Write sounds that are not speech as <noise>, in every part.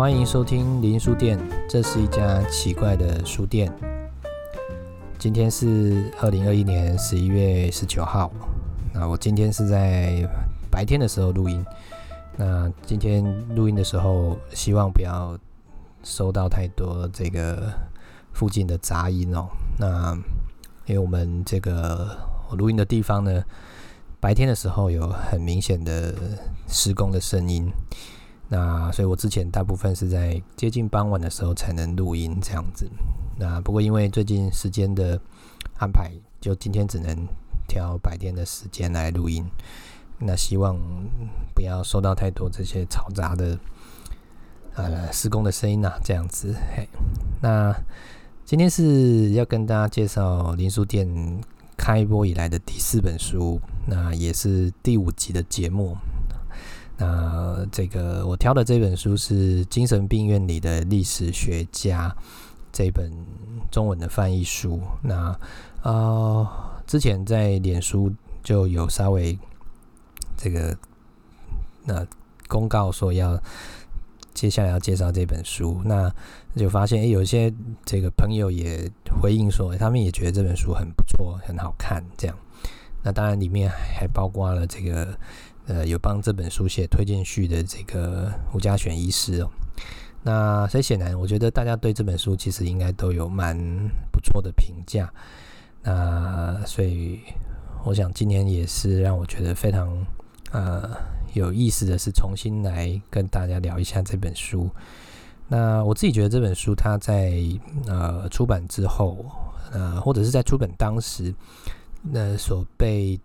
歡迎收聽林書店，這是一家奇怪的書店。今天是二零二一年十一月十九號，那我今天是在白天的時候錄音。那今天錄音的時候，希望不要收到太多這個附近的雜音哦。那因為我們這個我錄音的地方呢，白天的時候有很明顯的施工的聲音。那所以，我之前大部分是在接近傍晚的時候才能錄音這樣子。那不過，因為最近時間的安排，就今天只能挑白天的時間來錄音。那希望不要受到太多這些嘈雜的呃施工的聲音吶、啊。這樣子。嘿，那今天是要跟大家介紹林書店開播以來的第四本書，那也是第五集的節目。那這個我挑的這本書是精神病院裡的歷史學家這本中文的翻譯書。那啊、呃，之前在臉書就有稍微這個那公告說要接下來要介紹這本書，那就發現，欸，有些這個朋友也回應說，他們也覺得這本書很不錯，很好看。這樣，那當然裡面還包括了這個。呃，有幫這本書寫推薦序的這個吳佳璿醫師哦，那所以顯然，我覺得大家對這本書其實應該都有蠻不錯的評價。那所以，我想今年也是讓我覺得非常呃有意思的是，重新來跟大家聊一下這本書。那我自己覺得這本書它在呃出版之後，呃或者是在出版當時，那所被。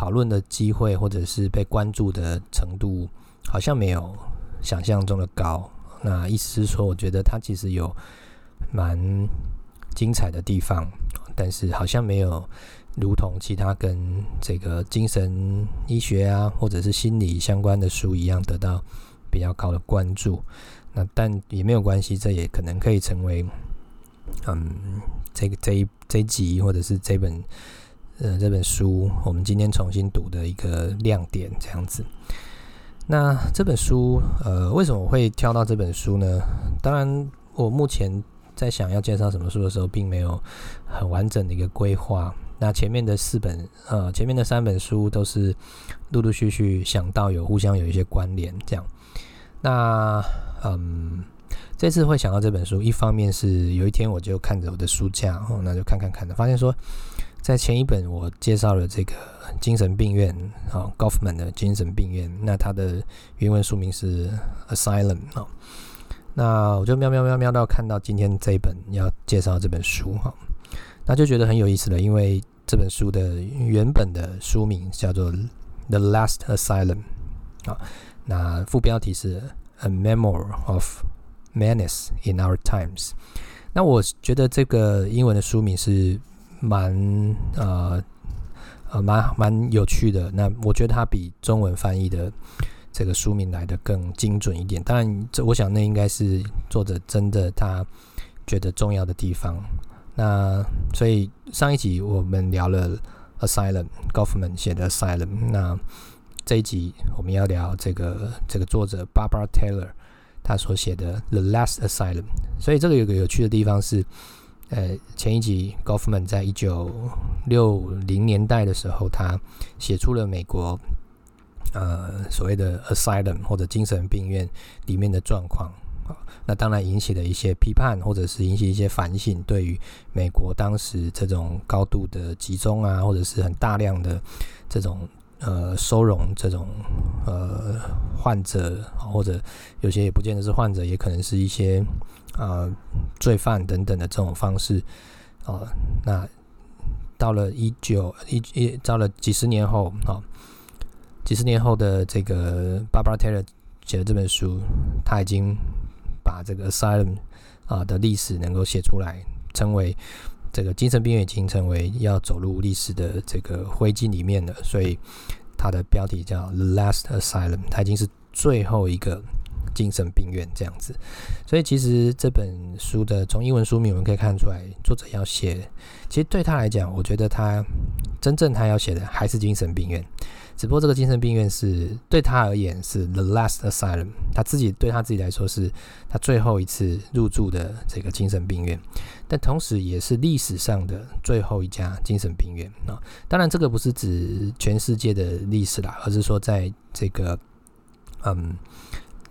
討論的機會，或者是被關注的程度，好像沒有想象中的高。那意思是說，我覺得它其實有蠻精彩的地方，但是好像沒有如同其他跟這個精神醫學啊，或者是心理相關的書一樣得到比較高的關注。那但也沒有關係，這也可能可以成為嗯，這個這一這一集或者是這本。呃，這本書我們今天重新讀的一個亮點這樣子。那這本書，呃，為什麼我會挑到這本書呢？當然，我目前在想要介紹什麼書的時候，並沒有很完整的一個規劃。那前面的四本，呃，前面的三本書都是陸陸續續想到有互相有一些關聯這樣。那嗯，這次會想到這本書，一方面是有一天我就看着我的書架，哦，那就看看看的，發現說。在前一本，我介紹了這個精神病院啊，Goffman 的精神病院。那它的原文書名是 Asylum 啊。那我就喵喵喵喵到看到今天這一本要介紹這本書哈，那就覺得很有意思了。因為這本書的原本的書名叫做 The Last Asylum 啊。那副標題是 A Memoir of Madness in Our Times。那我覺得這個英文的書名是。蠻呃呃，蠻、呃、蠻有趣的。那我覺得它比中文翻譯的這個書名來得更精準一點。當然，這我想那應該是作者真的他覺得重要的地方。那所以上一集我們聊了《Asylum》，Government 寫的《Asylum》。那這一集我們要聊這個這個作者 Barbara Taylor 她所寫的《The Last Asylum》。所以這個有個有趣的地方是。呃，前一集 Goffman 在一九六零年代的時候，他寫出了美國呃所謂的 asylum 或者精神病院裡面的狀況，那當然引起了一些批判，或者是引起一些反省，對於美國當時這種高度的集中啊，或者是很大量的這種呃收容這種呃患者，或者有些也不見得是患者，也可能是一些。呃，罪犯等等的這種方式，哦、呃，那到了 19, 一九一一，到了幾十年後，啊、哦，幾十年後的這個 Barbara Taylor 寫的這本書，他已經把這個 Asylum 啊、呃、的歷史能夠寫出來，成為這個精神病院已經成為要走入歷史的這個灰燼裡面的，所以它的標題叫、The、Last Asylum，它已經是最後一個。精神病院這樣子，所以其實這本書的從英文書名我們可以看出來，作者要寫，其實對他來講，我覺得他真正他要寫的還是精神病院，只不過這個精神病院是對他而言是 The Last Asylum，他自己對他自己來說是他最後一次入住的這個精神病院，但同時也是歷史上的最後一家精神病院啊、喔。當然，這個不是指全世界的歷史啦，而是說在這個嗯。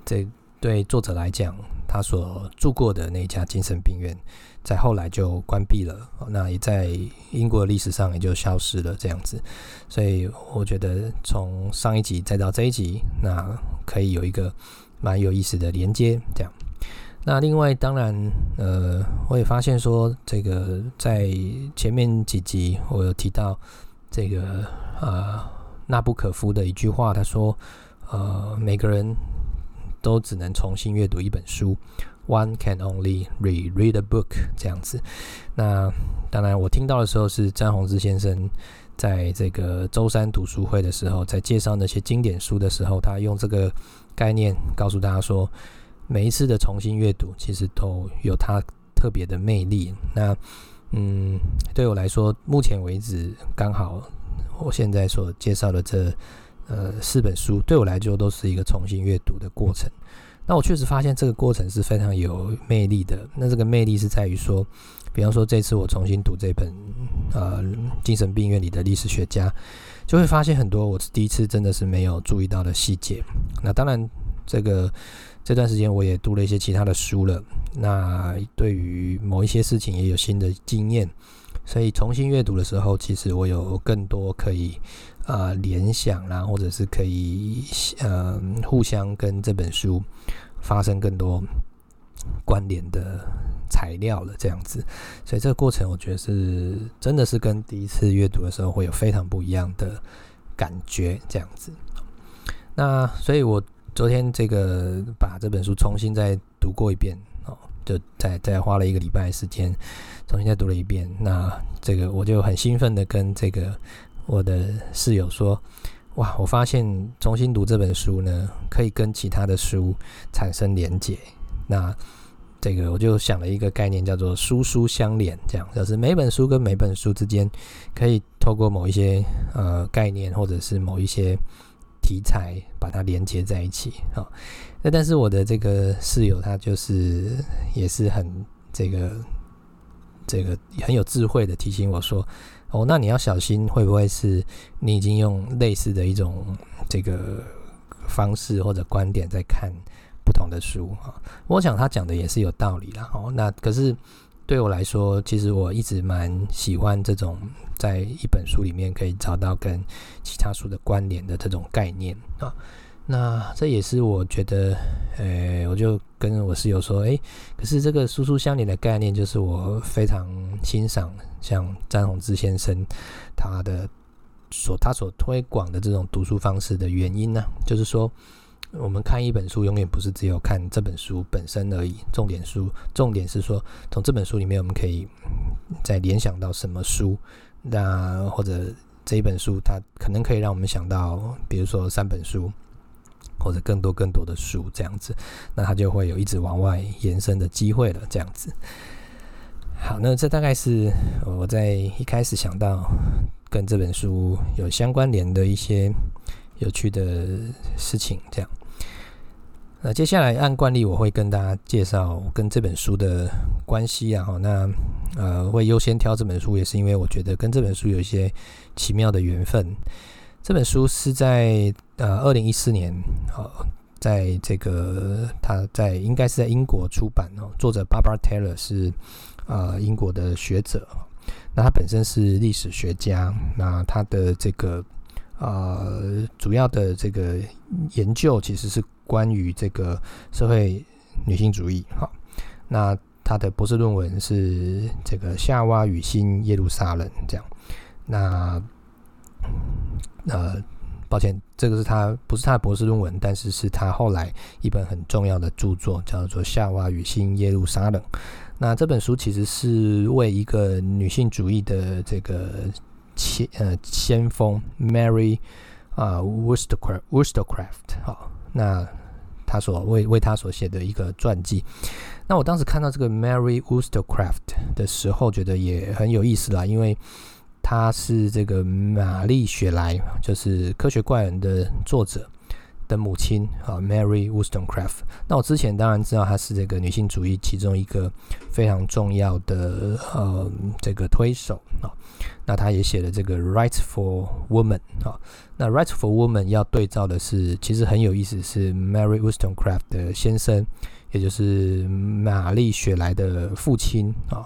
這對作者來講，他所住過的那家精神病院，在後來就關閉了，那也在英國的歷史上也就消失了。這樣子，所以我覺得從上一集再到這一集，那可以有一個蠻有意思的連接。這樣，那另外當然，呃，我也發現說，這個在前面幾集我有提到這個啊，呃、納博科夫的一句話，他說，呃，每個人。都只能重新閱讀一本書，One can only re-read a book，這樣子。那當然，我聽到的時候是詹宏志先生在這個週三讀書會的時候，在介紹那些經典書的時候，他用這個概念告訴大家說，每一次的重新閱讀其實都有它特別的魅力。那嗯，對我來說，目前為止剛好我現在所介紹的這。呃，四本書對我來說都是一個重新閱讀的過程。那我確實發現這個過程是非常有魅力的。那這個魅力是在於說，比方說這次我重新讀這本呃《精神病院裡的歷史學家》，就會發現很多我第一次真的是沒有注意到的細節。那當然，這個這段時間我也讀了一些其他的書了。那對於某一些事情也有新的經驗，所以重新閱讀的時候，其實我有更多可以。啊，聯想啦，或者是可以嗯、呃，互相跟這本書發生更多關聯的材料了，這樣子。所以這個過程，我覺得是真的是跟第一次閱讀的時候會有非常不一樣的感覺，這樣子。那所以我昨天這個把這本書重新再讀過一遍哦，就再再花了一個禮拜時間重新再讀了一遍。那這個我就很興奮的跟這個。我的室友說：“哇，我發現重新讀這本書呢，可以跟其他的書產生連接。那這個我就想了一個概念，叫做‘書書相連’，這樣就是每本書跟每本書之間，可以透過某一些呃概念，或者是某一些題材，把它連接在一起啊、哦。那但是我的這個室友他就是也是很這個這個很有智慧的提醒我說。”哦，那你要小心，會不會是你已經用類似的一種這個方式或者觀點在看不同的書哈，哦，我想他講的也是有道理啦。哦。那可是對我來說，其實我一直蠻喜歡這種在一本書裡面可以找到跟其他書的關聯的這種概念啊。哦那這也是我覺得，呃、欸，我就跟我室友說，哎、欸，可是這個“書書相連”的概念，就是我非常欣賞像詹宏志先生他的所他所推廣的這種讀書方式的原因呢、啊，就是說，我們看一本書，永遠不是只有看這本書本身而已。重點書，重點是說，從這本書裡面，我們可以再聯想到什麼書？那或者這一本書它可能可以讓我們想到，比如說三本書。或者更多更多的書這樣子，那它就會有一直往外延伸的機會了。這樣子，好，那這大概是我在一開始想到跟這本書有相關聯的一些有趣的事情。這樣，那接下來按慣例我會跟大家介紹跟這本書的關係啊。那呃，我會優先挑這本書，也是因為我覺得跟這本書有一些奇妙的緣分。這本書是在。呃，二零一四年，哦，在這個他在應該是在英國出版哦。作者 Barbara Taylor 是，呃，英國的學者。那他本身是歷史學家，那他的這個呃主要的這個研究其實是關於這個社會女性主義，哦，那他的博士論文是這個《夏娃與新耶路撒冷》這樣。那，呃抱歉，這個是他不是他的博士論文，但是是他後來一本很重要的著作，叫做《夏娃與新耶路撒冷》。那這本書其實是為一個女性主義的這個先呃先鋒 Mary 啊、呃、Wollstonecraft Wollstonecraft 好，那他所為為他所寫的一個傳記。那我當時看到這個 Mary Wollstonecraft 的時候，覺得也很有意思啦，因為。她是這個瑪麗雪萊，就是《科學怪人》的作者的母親，哦，Mary Wollstonecraft。那我之前當然知道她是這個女性主義其中一個非常重要的呃這個推手，哦，那她也寫了這個《Rights for Woman》啊，哦。那《Rights for Woman》要對照的是，其實很有意思，是 Mary Wollstonecraft 的先生，也就是瑪麗雪萊的父親啊。哦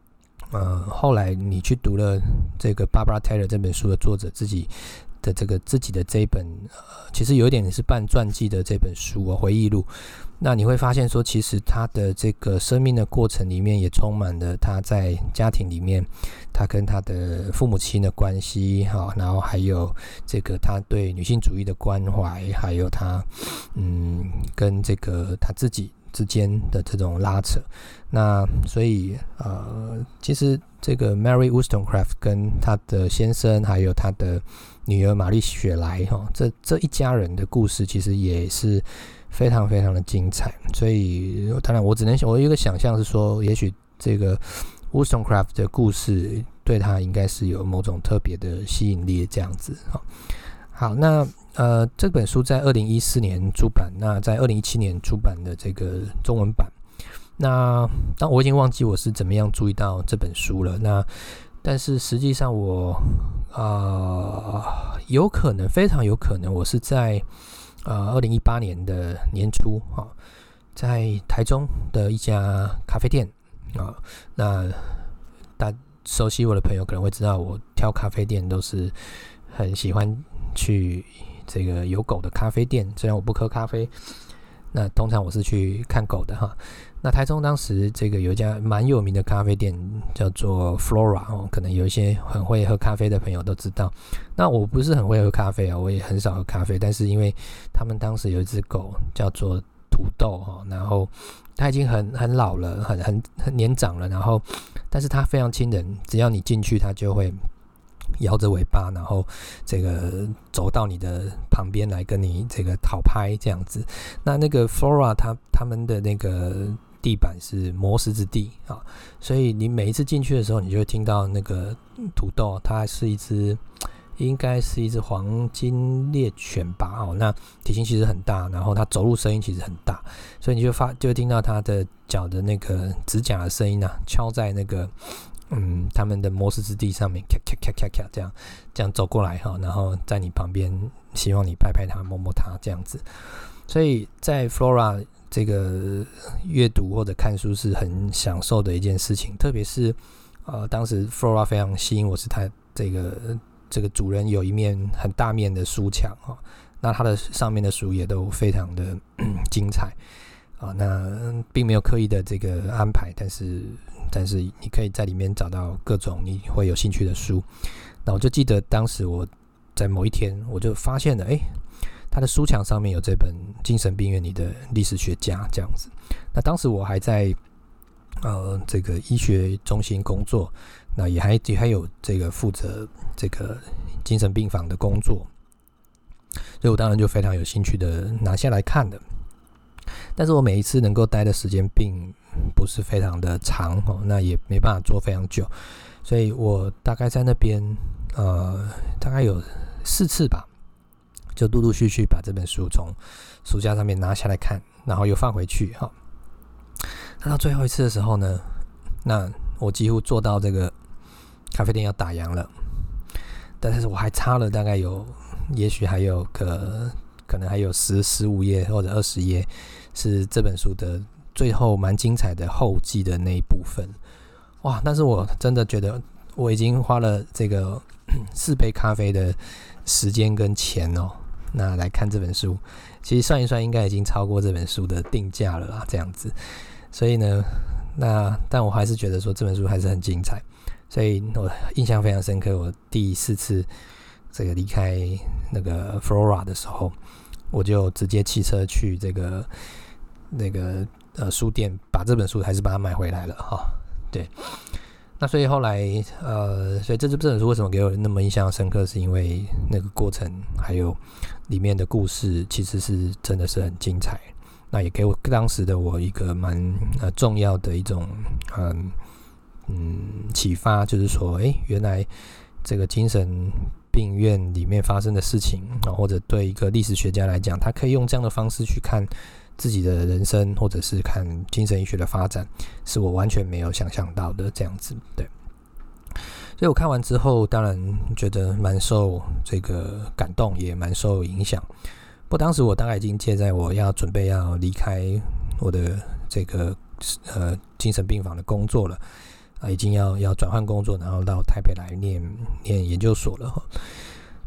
呃，後來你去讀了這個 Barbara Taylor 這本書的作者自己的這個自己的這一本，呃，其實有點是半傳記的這本書我回憶錄。那你會發現說，其實她的這個生命的過程裡面也充滿了她在家庭裡面，她跟她的父母親的關係哈、哦，然後還有這個她對女性主義的關懷，還有她嗯跟這個她自己。之間的這種拉扯，那所以呃，其實這個 Mary Wollstonecraft 跟她的先生還有她的女兒瑪麗雪萊哈，這這一家人的故事其實也是非常非常的精彩。所以當然，我只能想，我有一個想象是說，也許這個 Wollstonecraft 的故事對他應該是有某種特別的吸引力，這樣子。好那。呃，這本書在二零一四年出版，那在二零一七年出版的這個中文版。那當我已經忘記我是怎麼樣注意到這本書了。那但是實際上我啊，呃，有可能非常有可能我是在呃二零一八年的年初啊，哦，在台中的一家咖啡店啊，哦，那大熟悉我的朋友可能會知道，我挑咖啡店都是很喜歡去。這個有狗的咖啡店，雖然我不喝咖啡，那通常我是去看狗的哈。那台中當時這個有一家蠻有名的咖啡店叫做 Flora 哦，可能有一些很會喝咖啡的朋友都知道。那我不是很會喝咖啡啊，我也很少喝咖啡，但是因為他們當時有一隻狗叫做土豆哦，然後它已經很很老了，很很很年長了，然後，但是它非常親人，只要你進去，它就會，搖着尾巴，然後這個走到你的旁邊來跟你這個討拍這樣子。那那個 Flora 它他們的那個地板是磨石子地啊，所以你每一次進去的時候，你就會聽到那個土豆它是一隻，應該是一隻黃金獵犬吧？哦，那體型其實很大，然後它走路聲音其實很大，所以你就發就聽到它的腳的那個指甲的聲音啊，敲在那個。嗯，他們的模式之地上面，咔咔咔咔咔這樣，這樣走過來哈，然後在你旁邊，希望你拍拍他，摸摸他這樣子。所以在 Flora 這個閱讀或者看書是很享受的一件事情，特別是呃，當時 Flora 非常吸引我，是他這個這個主人有一面很大面的書牆啊，那他的上面的書也都非常的 <coughs> 精彩啊，那並沒有刻意的這個安排，但是。但是你可以在裡面找到各種你會有興趣的書。那我就記得當時我在某一天，我就發現了，誒、欸，他的書牆上面有這本《精神病院裡的歷史學家》這樣子。那當時我還在呃這個醫學中心工作，那也還也還有這個負責這個精神病房的工作，所以我當然就非常有興趣的拿下來看的。但是我每一次能夠待的時間並不是非常的長哦，那也沒辦法做非常久，所以我大概在那邊，呃，大概有四次吧，就陸陸續續把這本書從書架上面拿下來看，然後又放回去哈。那到最後一次的時候呢，那我幾乎做到這個咖啡店要打烊了，但是我還差了大概有，也許還有個可能還有十、十五頁或者二十頁是這本書的。最後蠻精彩的後記的那一部分，哇！但是我真的覺得我已經花了這個四杯咖啡的時間跟錢哦，那來看這本書，其實算一算應該已經超過這本書的定價了啦，這樣子。所以呢，那但我還是覺得說這本書還是很精彩，所以我印象非常深刻。我第四次這個離開那個 Flora 的時候，我就直接騎車去這個那個。呃，書店把這本書還是把它買回來了哈，哦，對。那所以後來，呃，所以這這這本書為什麼給我那麼印象深刻？是因為那個過程，還有裡面的故事，其實是真的是很精彩。那也給我當時的我一個蠻呃重要的一種嗯嗯啟發，就是說，誒、欸，原來這個精神病院裡面發生的事情，或者對一個歷史學家來講，他可以用這樣的方式去看。自己的人生，或者是看精神醫學的發展，是我完全沒有想象到的這樣子，對。所以我看完之後，當然覺得蠻受這個感動，也蠻受影響。不過當時我大概已經介在我要準備要離開我的這個呃精神病房的工作了啊，已經要要轉換工作，然後到台北來念念研究所了。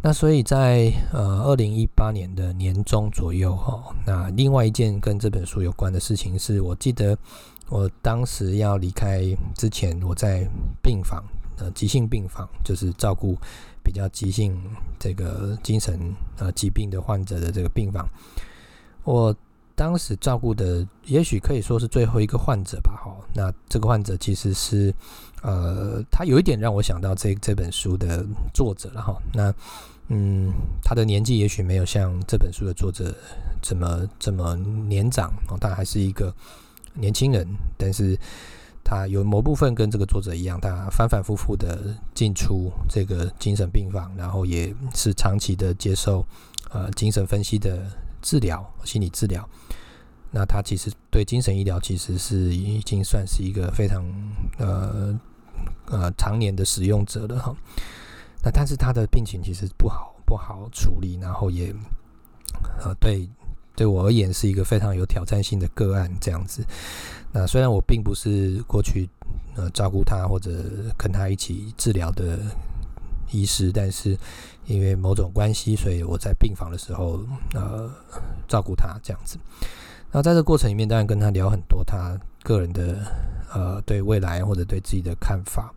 那所以在呃二零一八年的年中左右哈、哦，那另外一件跟這本書有關的事情是，我記得我當時要離開之前，我在病房呃急性病房，就是照顧比較急性這個精神呃疾病的患者的這個病房，我當時照顧的也許可以說是最後一個患者吧哈、哦，那這個患者其實是呃他有一點讓我想到這這本書的作者了哈、哦、那。嗯，他的年紀也許沒有像這本書的作者這麼這麼年長啊，但、哦、他還是一個年輕人。但是他有某部分跟這個作者一樣，他反反复复的進出這個精神病房，然後也是長期的接受呃精神分析的治療、心理治療。那他其實對精神醫療其實是已經算是一個非常呃呃常年的使用者了哈。哦那但是他的病情其實不好，不好處理，然後也，呃，對，對我而言是一個非常有挑戰性的個案這樣子。那雖然我並不是過去呃照顧他或者跟他一起治療的醫師，但是因為某種關係，所以我在病房的時候呃照顧他這樣子。那在這個過程裡面，當然跟他聊很多他個人的呃，對未來或者對自己的看法。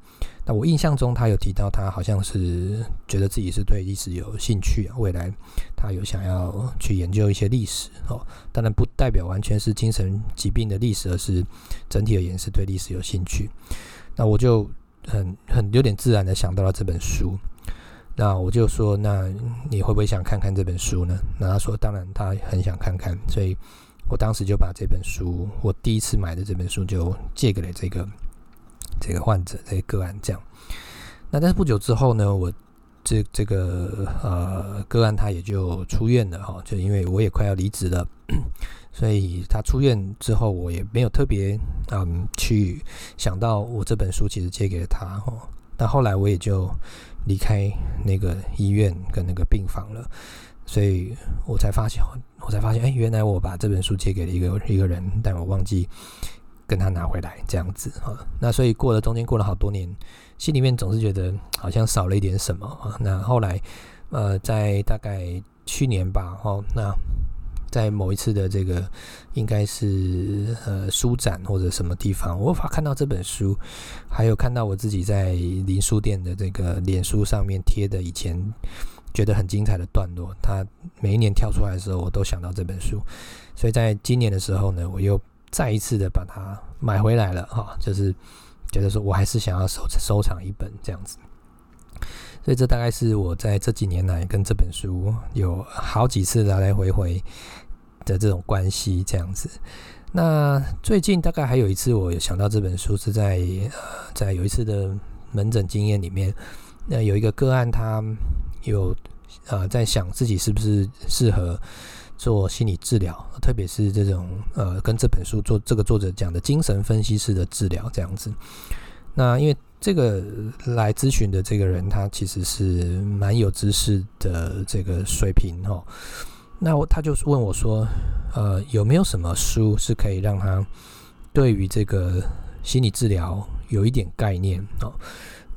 那我印象中，他有提到，他好像是覺得自己是對歷史有興趣啊，未來他有想要去研究一些歷史哦，當然不代表完全是精神疾病的歷史，而是整體而言是對歷史有興趣。那我就很很有點自然的想到了這本書。那我就說，那你會不會想看看這本書呢？那他說，當然他很想看看，所以我當時就把這本書，我第一次買的這本書就借給了這個。這個患者，這個個案這樣，那但是不久之後呢，我這這個呃個案他也就出院了哈、哦，就因為我也快要離職了，所以他出院之後，我也沒有特別嗯去想到我這本書其實借給了他哦。但後來我也就離開那個醫院跟那個病房了，所以我才發現，我才發現，哎，原來我把這本書借給了一個一個人，但我忘記。跟他拿回來這樣子哈，那所以過了中間，過了好多年，心裡面總是覺得好像少了一點什麼。那後來呃，在大概去年吧，哦，那在某一次的這個應該是呃書展或者什麼地方，我無法看到這本書，還有看到我自己在林書店的這個臉書上面貼的以前覺得很精彩的段落，他每一年跳出來的時候，我都想到這本書，所以在今年的時候呢，我又。再一次的把它買回來了哈，就是覺得說我還是想要收收藏一本這樣子，所以這大概是我在這幾年來跟這本書有好幾次來來回回的這種關係這樣子。那最近大概還有一次，我有想到這本書是在在有一次的門診經驗裡面，那有一個個案，他有啊，呃，在想自己是不是適合。做心理治療，特別是這種呃，跟這本書做這個作者講的精神分析式的治療這樣子。那因為這個來諮詢的這個人，他其實是蠻有知識的這個水平哦。那我他就是問我說，呃，有沒有什麼書是可以讓他對於這個心理治療有一點概念哦？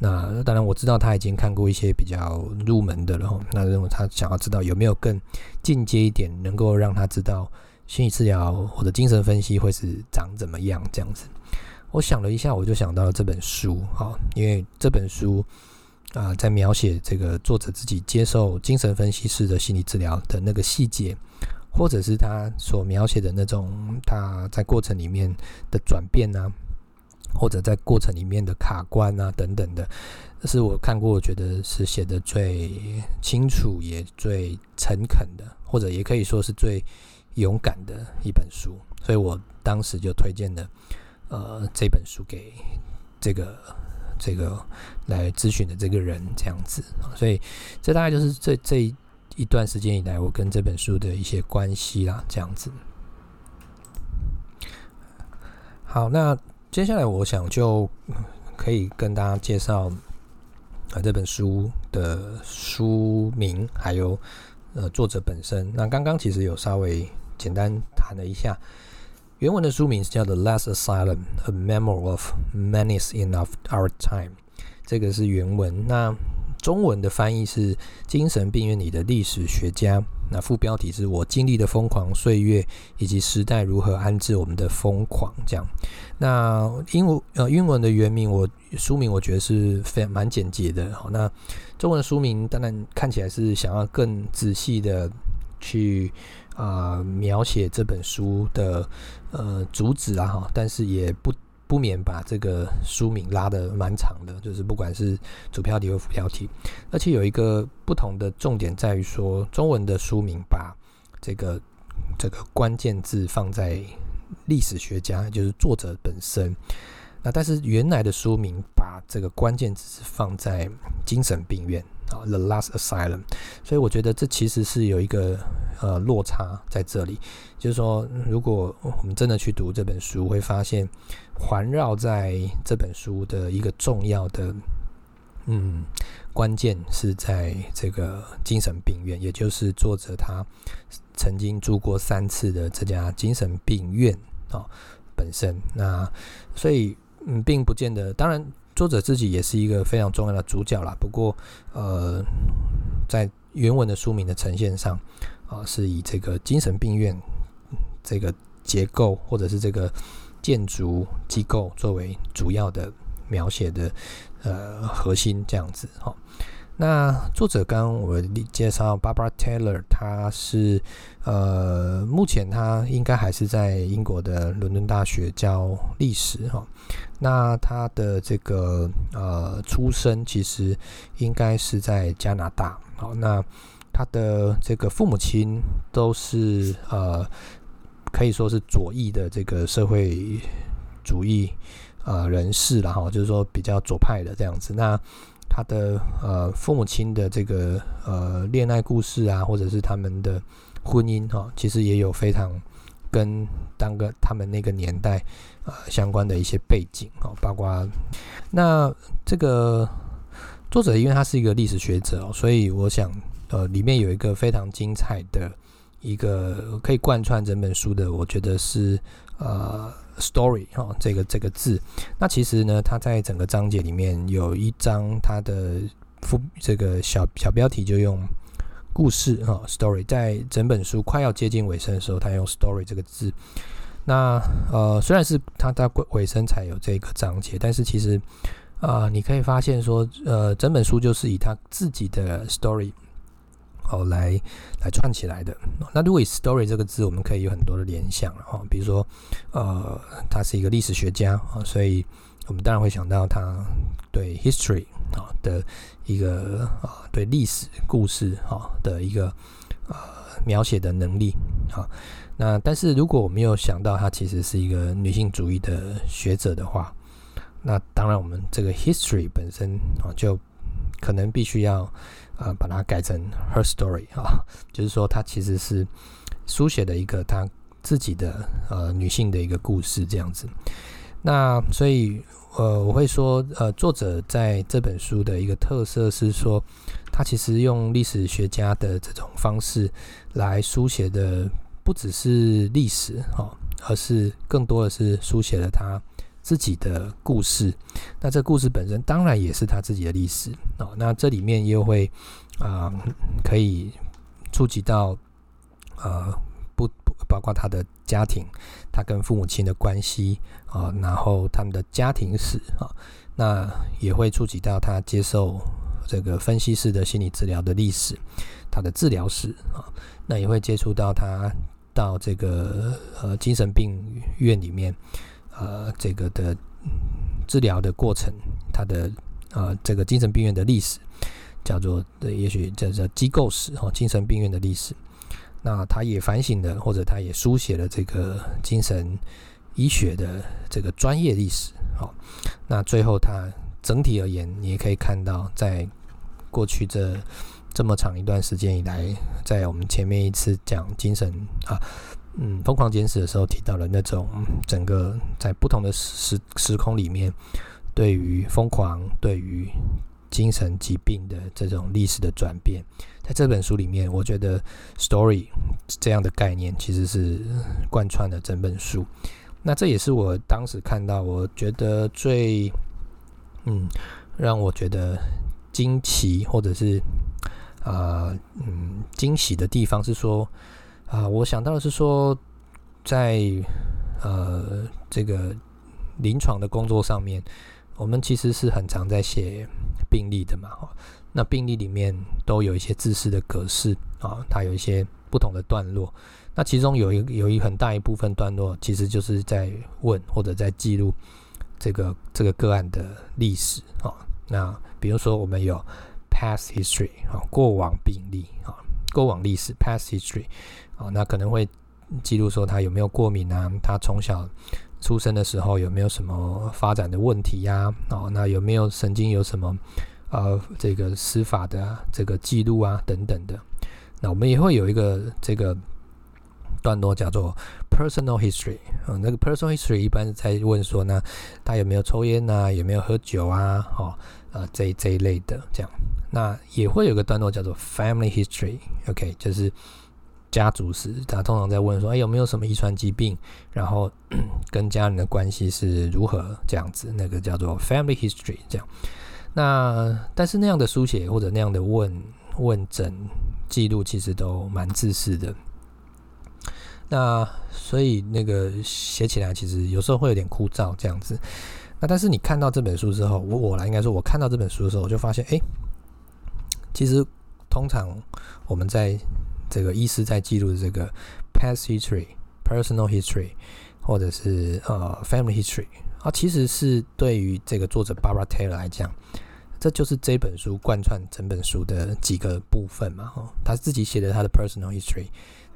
那當然，我知道他已經看過一些比較入門的了。那如果他想要知道有沒有更進階一點，能夠讓他知道心理治療或者精神分析會是長怎麼樣這樣子，我想了一下，我就想到了這本書哈，因為這本書啊，在描寫這個作者自己接受精神分析式的心理治療的那個細節，或者是他所描寫的那種他在過程裡面的轉變呢、啊。或者在過程裡面的卡關啊等等的，這是我看過我覺得是寫的最清楚也最誠懇的，或者也可以說是最勇敢的一本書，所以我當時就推薦了呃這本書給這個這個來諮詢的這個人這樣子，所以這大概就是這這一段時間以來我跟這本書的一些關係啦，這樣子。好，那。接下來，我想就可以跟大家介紹啊這本書的書名，還有呃作者本身。那剛剛其實有稍微簡單談了一下原文的書名，是叫《The Last Asylum: A Memoir of Madness in Our Time》，這個是原文。那中文的翻譯是《精神病院裡的歷史學家》。那副標題是“我經歷的瘋狂歲月”，以及時代如何安置我們的瘋狂。這樣，那英文呃英文的原名，我書名我覺得是非常蠻簡潔的。好，那中文的書名當然看起來是想要更仔細的去啊、呃、描寫這本書的呃主旨啊，但是也不。不免把這個書名拉得蠻長的，就是不管是主標題或副標題，而且有一個不同的重點在於說，中文的書名把這個這個關鍵字放在歷史學家，就是作者本身。那但是原來的書名把這個關鍵字是放在精神病院啊，《The Last Asylum》。所以我覺得這其實是有一個呃落差在這裡，就是說如果我們真的去讀這本書，會發現。環繞在這本書的一個重要的，嗯，關鍵是在這個精神病院，也就是作者他曾經住過三次的這家精神病院哦，本身。那所以嗯，並不見得。當然，作者自己也是一個非常重要的主角啦，不過，呃，在原文的書名的呈現上啊、哦，是以這個精神病院這個結構，或者是這個。建築機構作為主要的描寫的呃核心這樣子，喔，那作者剛剛我介紹 Barbara Taylor，他是呃目前他應該還是在英國的倫敦大學教歷史，喔，那他的這個呃出生其實應該是在加拿大，好，喔，那他的這個父母親都是呃。可以說是左翼的這個社會主義啊、呃、人士，然後就是說比較左派的這樣子。那他的呃父母親的這個呃戀愛故事啊，或者是他們的婚姻哈，其實也有非常跟當個他們那個年代呃相關的一些背景哦，包括那這個作者，因為他是一個歷史學者哦，所以我想呃裡面有一個非常精彩的。一個可以貫穿整本書的，我覺得是呃，story 哈、哦，這個這個字。那其實呢，它在整個章節裡面有一章，它的副這個小小、小標題就用故事哈、哦，story。在整本書快要接近尾聲的時候，它用 story 這個字。那呃，雖然是它在尾尾聲才有這個章節，但是其實啊、呃，你可以發現說，呃，整本書就是以他自己的 story。哦，來來串起來的。那如果以 “story” 這個字，我們可以有很多的聯想哦，比如說，呃，他是一個歷史學家，哦、所以我們當然會想到他對 history 啊、哦、的一個啊、哦、對歷史故事啊、哦、的一個呃描寫的能力啊、哦。那但是如果我沒有想到他其實是一個女性主義的學者的話，那當然我們這個 history 本身啊、哦、就可能必須要。啊，把它改成 Her Story 啊，就是說她其實是書寫的一個她自己的呃女性的一個故事這樣子。那所以呃，我會說呃，作者在這本書的一個特色是說，她其實用歷史學家的這種方式來書寫的，不只是歷史哦，啊，而是更多的是書寫了她，自己的故事，那這故事本身當然也是他自己的歷史啊，那這裡面又會啊、呃，可以觸及到啊、呃，不不包括他的家庭，他跟父母親的關係啊、呃，然後他們的家庭史啊、呃，那也會觸及到他接受這個分析式的心理治療的歷史，他的治療史啊、呃，那也會接觸到他到這個呃精神病院裡面。呃，這個的治療的過程，他的啊、呃，這個精神病院的歷史，叫做也許叫做機構史哦，精神病院的歷史。那他也反省了，或者他也書寫了這個精神醫學的這個專業歷史。好、哦，那最後他整體而言，你也可以看到，在過去這這麼長一段時間以來，在我們前面一次講精神啊。嗯，瘋狂簡史的時候提到了那種、嗯、整個在不同的時時空裡面，對於瘋狂、對於精神疾病的這種歷史的轉變，在這本書裡面，我覺得 story 這樣的概念其實是貫穿了整本書。那這也是我當時看到，我覺得最嗯讓我覺得驚奇或者是呃嗯驚喜的地方是說。啊、呃，我想到的是說在，在呃這個臨床的工作上面，我們其實是很常在寫病歷的嘛，哈。那病歷裡面都有一些知識的格式啊，它有一些不同的段落。那其中有一有一很大一部分段落，其實就是在問或者在記錄這個這個個案的歷史啊。那比如說我們有 past history 啊，過往病歷啊，過往歷史 past history。哦，那可能會記錄說他有沒有過敏啊，他從小出生的時候有沒有什麼發展的問題呀，啊？哦，那有沒有曾經有什麼呃這個司法的，啊，這個記錄啊？等等的。那我們也會有一個這個段落叫做 personal history，哦。嗯，那個 personal history 一般在問說呢，他有沒有抽菸啊，有沒有喝酒啊？哦，啊、呃、這一這一類的這樣。那也會有一個段落叫做 family history。OK，就是。家族史，他通常在問說：“哎、欸，有沒有什麼遺傳疾病？然後跟家人的關係是如何？這樣子，那個叫做 family history。這樣，那但是那樣的書寫或者那樣的問問診記錄，其實都蠻自私的。那所以那個寫起來，其實有時候會有點枯燥，這樣子。那但是你看到這本書之後，我我來應該說，我看到這本書的時候，我就發現，哎、欸，其實通常我們在這個醫師在記錄的這個 past history、personal history，或者是呃 family history，啊，其實是對於這個作者 Barbara Taylor 來講，這就是這本書貫穿整本書的幾個部分嘛。哦，他自己寫的他的 personal history，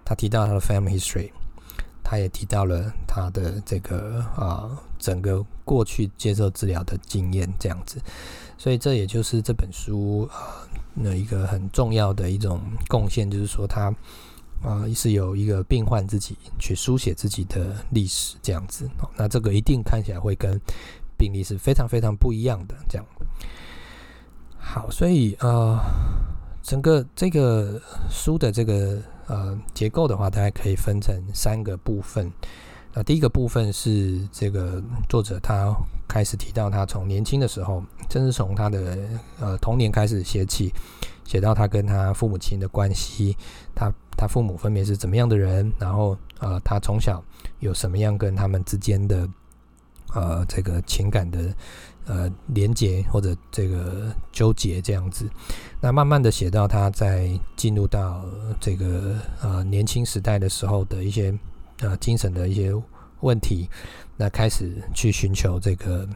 他提到他的 family history，他也提到了他的這個啊、呃，整個過去接受治療的經驗這樣子。所以這也就是這本書啊。呃那一個很重要的一種貢獻，就是說他，呃，是有一個病患，自己去書寫自己的歷史，這樣子。那這個一定看起來會跟病歷是非常非常不一樣的。這樣，好，所以呃，整個這個書的這個呃結構的話，大概可以分成三個部分。那第一個部分是這個作者他。開始提到他從年輕的時候，正是從他的呃童年開始寫起，寫到他跟他父母親的關係，他他父母分別是怎麼樣的人，然後呃他從小有什麼樣跟他們之間的呃這個情感的呃連接或者這個糾結這樣子，那慢慢的寫到他在進入到這個呃年輕時代的時候的一些呃精神的一些問題。那開始去尋求這個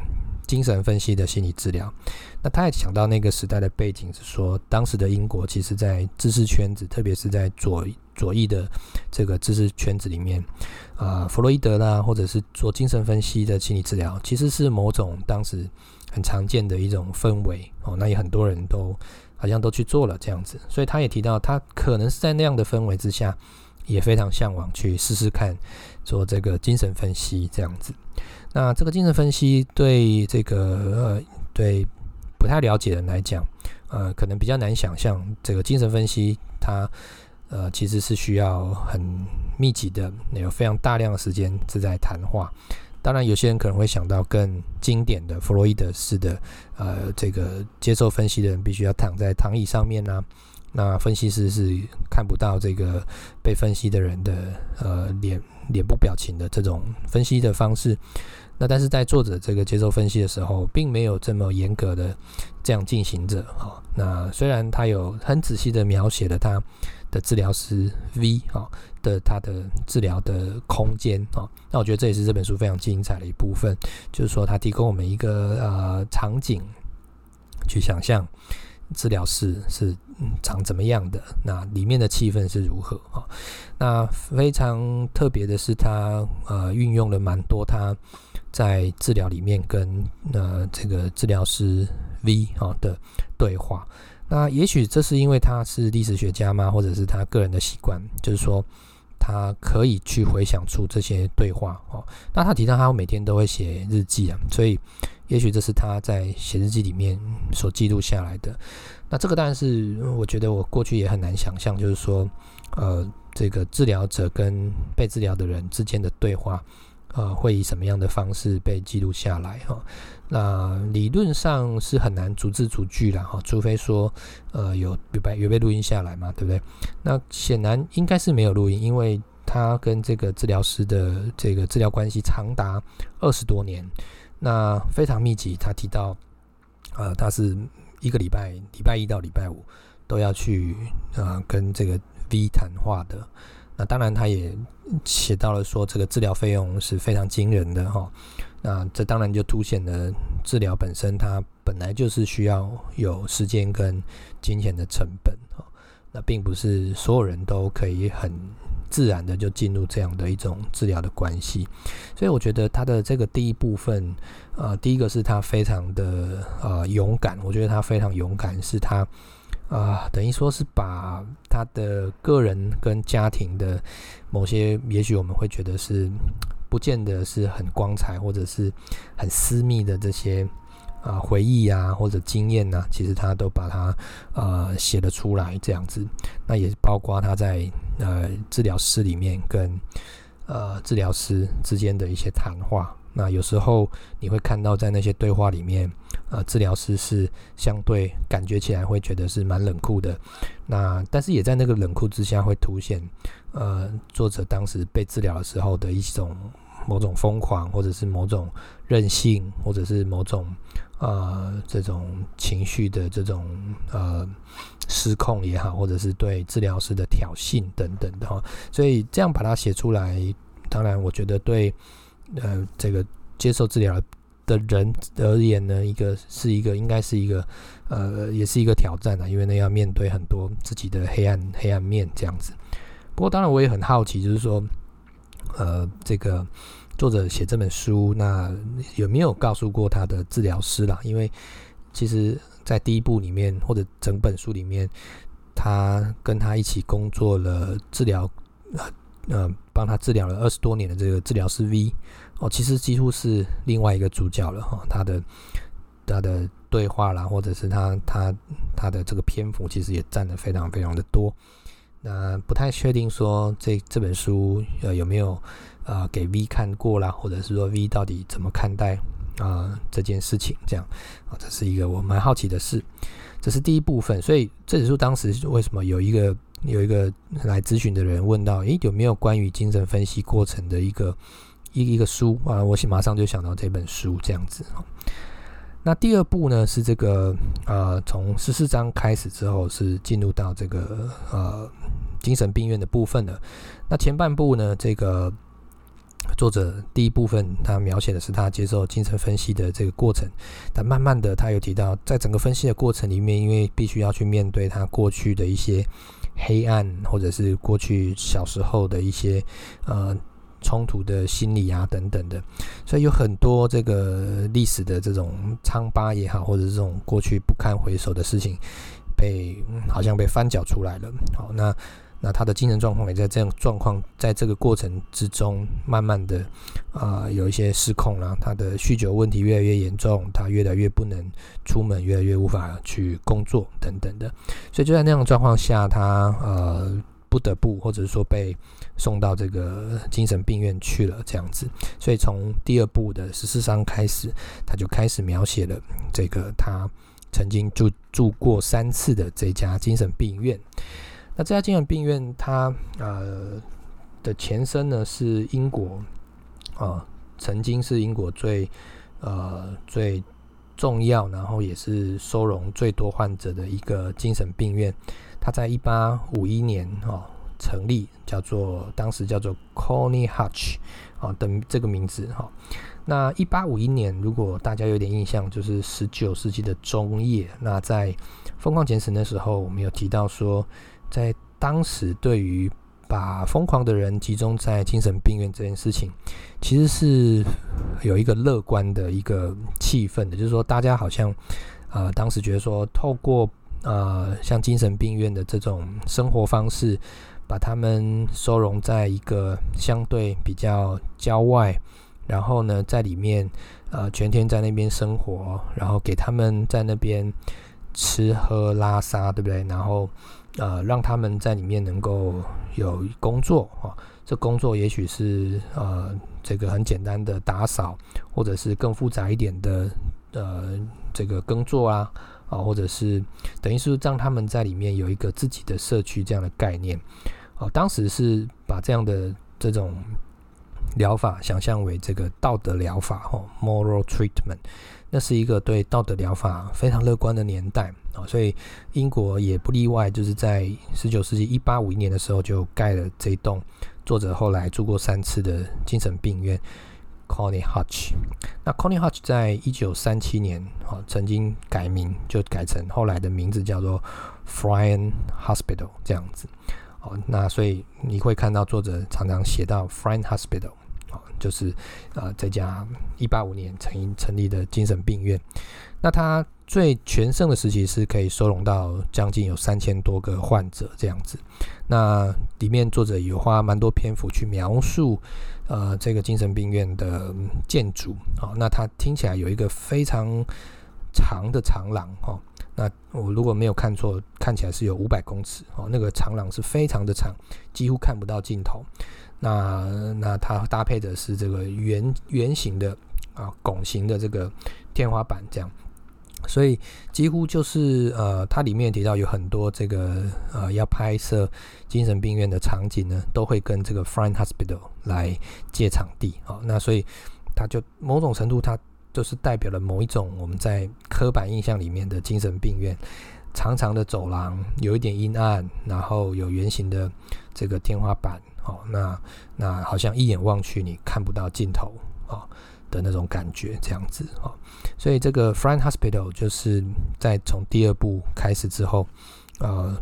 精神分析的心理治療，那他也想到那個時代的背景是說，當時的英國其實在知識圈子，特別是在左左翼的這個知識圈子裡面，啊、呃，弗洛伊德啦，或者是做精神分析的心理治療，其實是某種當時很常見的一種氛圍哦，那也很多人都好像都去做了這樣子，所以他也提到，他可能是在那樣的氛圍之下，也非常嚮往去試試看。做這個精神分析這樣子，那這個精神分析對這個呃對不太了解的人來講，呃，可能比較難想象。這個精神分析它呃其實是需要很密集的，有非常大量的時間是在談話。當然，有些人可能會想到更經典的弗洛伊德式的呃這個接受分析的人必須要躺在躺椅上面呢、啊，那分析師是看不到這個被分析的人的呃臉臉部表情的這種分析的方式，那但是在作者這個接受分析的時候，並沒有這麼嚴格的這樣進行着啊。那雖然他有很仔細的描寫了他的治療師 V 啊的他的治療的空間啊，那我覺得這也是這本書非常精彩的一部分，就是說他提供我們一個呃場景去想象治療室是。長怎麼樣的？那裡面的氣氛是如何啊？那非常特別的是他，他呃運用了蠻多他在治療裡面跟呃這個治療師 V 啊的對話。那也許這是因為他是歷史學家嗎？或者是他個人的習慣？就是說。他可以去回想出這些對話哦。那他提到他每天都會寫日記啊，所以也許這是他在寫日記裡面所記錄下來的。那這個當然是我覺得我過去也很難想象，就是說，呃，這個治療者跟被治療的人之間的對話。啊，會以什麼樣的方式被記錄下來？哈，那理論上是很難逐字逐句了哈，除非說呃有被被被錄音下來嘛，對不對？那顯然應該是沒有錄音，因為他跟這個治療師的這個治療關係長達二十多年，那非常密集。他提到，呃，他是一個禮拜禮拜一到禮拜五都要去啊，呃，跟這個 V 談話的。那當然，他也寫到了說，這個治療費用是非常驚人的哈。那這當然就凸顯了治療本身，它本來就是需要有時間跟金錢的成本哈。那並不是所有人都可以很自然的就進入這樣的一種治療的關係。所以，我覺得他的這個第一部分，啊，第一個是他非常的啊、呃、勇敢，我覺得他非常勇敢，是他。啊、呃，等於說是把他的個人跟家庭的某些，也許我們會覺得是不見得是很光彩，或者是很私密的這些啊、呃、回憶啊或者經驗吶、啊，其實他都把它呃寫了出來這樣子。那也包括他在呃治療室裡面跟呃治療師之間的一些談話。那有時候你會看到在那些對話裡面，呃，治療師是相對感覺起來會覺得是蠻冷酷的，那但是也在那個冷酷之下會凸顯，呃，作者當時被治療的時候的一種某種瘋狂，或者是某種任性，或者是某種呃這種情緒的這種呃失控也好，或者是對治療師的挑釁等等的哈，所以這樣把它寫出來，當然我覺得對，呃，這個接受治療。的人而言呢，一個是一個應該是一個，呃，也是一個挑戰啊，因為那要面對很多自己的黑暗黑暗面這樣子。不過，當然我也很好奇，就是說，呃，這個作者寫這本書，那有沒有告訴過他的治療師啦？因為其實在第一部裡面或者整本書裡面，他跟他一起工作了治療，呃，幫他治療了二十多年的這個治療師 V。哦，其實幾乎是另外一個主角了哈，他的他的對話啦，或者是他他他的這個篇幅，其實也占的非常非常的多。那不太確定說這這本書呃有沒有啊、呃，給 V 看過啦，或者是說 V 到底怎麼看待啊、呃、這件事情這樣啊，這是一個我蠻好奇的事。這是第一部分，所以這也是當時為什麼有一個有一個來諮詢的人問到，誒，有沒有關於精神分析過程的一個？一一個書啊，我馬上就想到這本書這樣子。那第二部呢，是這個啊，從十四章開始之後是進入到這個呃精神病院的部分了。那前半部呢，這個作者第一部分他描寫的是他接受精神分析的這個過程，但慢慢的他有提到，在整個分析的過程裡面，因為必須要去面對他過去的一些黑暗，或者是過去小時候的一些呃。衝突的心理啊，等等的，所以有很多這個歷史的這種瘡疤也好，或者是這種過去不堪回首的事情，被好像被翻攪出來了。好，那那他的精神狀況也在這樣狀況，在這個過程之中，慢慢的啊、呃、有一些失控了。他的酗酒問題越來越嚴重，他越來越不能出門，越來越無法去工作等等的。所以就在那樣的狀況下，他呃。不得不，或者是說被送到這個精神病院去了，這樣子。所以從第二部的十四章開始，他就開始描寫了這個他曾經住住過三次的這家精神病院。那這家精神病院它，它呃的前身呢是英國啊、呃，曾經是英國最呃最重要，然後也是收容最多患者的一個精神病院。他在一八五一年哈成立，叫做當時叫做 Coney Hatch 啊等這個名字哈。那一八五一年，如果大家有點印象，就是十九世紀的中葉。那在瘋狂簡史的時候，我們有提到說，在當時對於把瘋狂的人集中在精神病院這件事情，其實是有一個樂觀的一個氣氛的，就是說大家好像啊、呃，當時覺得說透過。呃，像精神病院的這種生活方式，把他們收容在一個相對比較郊外，然後呢，在裡面呃全天在那邊生活，然後給他們在那邊吃喝拉撒，對不對？然後呃讓他們在裡面能夠有工作，哦，這工作也許是呃這個很簡單的打掃，或者是更複雜一點的呃這個工作啊。啊，或者是等於是讓他們在裡面有一個自己的社區這樣的概念，哦，當時是把這樣的這種療法想象為這個道德療法哦，moral treatment，那是一個對道德療法非常樂觀的年代啊，所以英國也不例外，就是在十九世紀一八五一年的時候就蓋了這一棟作者後來住過三次的精神病院。Connie Hutch，那 Colney Hatch 在一九三七年，哦，曾經改名，就改成後來的名字叫做 Friern Hospital 這樣子，哦。那所以你會看到作者常常寫到 Friern Hospital，哦，就是啊，呃、這家一八五年成成立的精神病院。那它最全盛的時期是可以收容到將近有三千多個患者這樣子。那裡面作者有花蠻多篇幅去描述。呃，這個精神病院的建築，好，哦，那它聽起來有一個非常長的長廊，哦，那我如果沒有看錯，看起來是有五百公尺，哦，那個長廊是非常的長，幾乎看不到盡頭。那那它搭配的是這個圓圓形的啊拱形的這個天花板，這樣。所以幾乎就是呃，它裡面提到有很多這個呃要拍攝精神病院的場景呢，都會跟這個 Friern Hospital 來借場地啊，哦。那所以它就某種程度，它就是代表了某一種我們在刻板印象裡面的精神病院，長長的走廊，有一點陰暗，然後有圓形的這個天花板哦。那那好像一眼望去，你看不到盡頭。的那種感覺，這樣子哦、喔。所以這個《Friern Hospital》就是在從第二部開始之後，呃，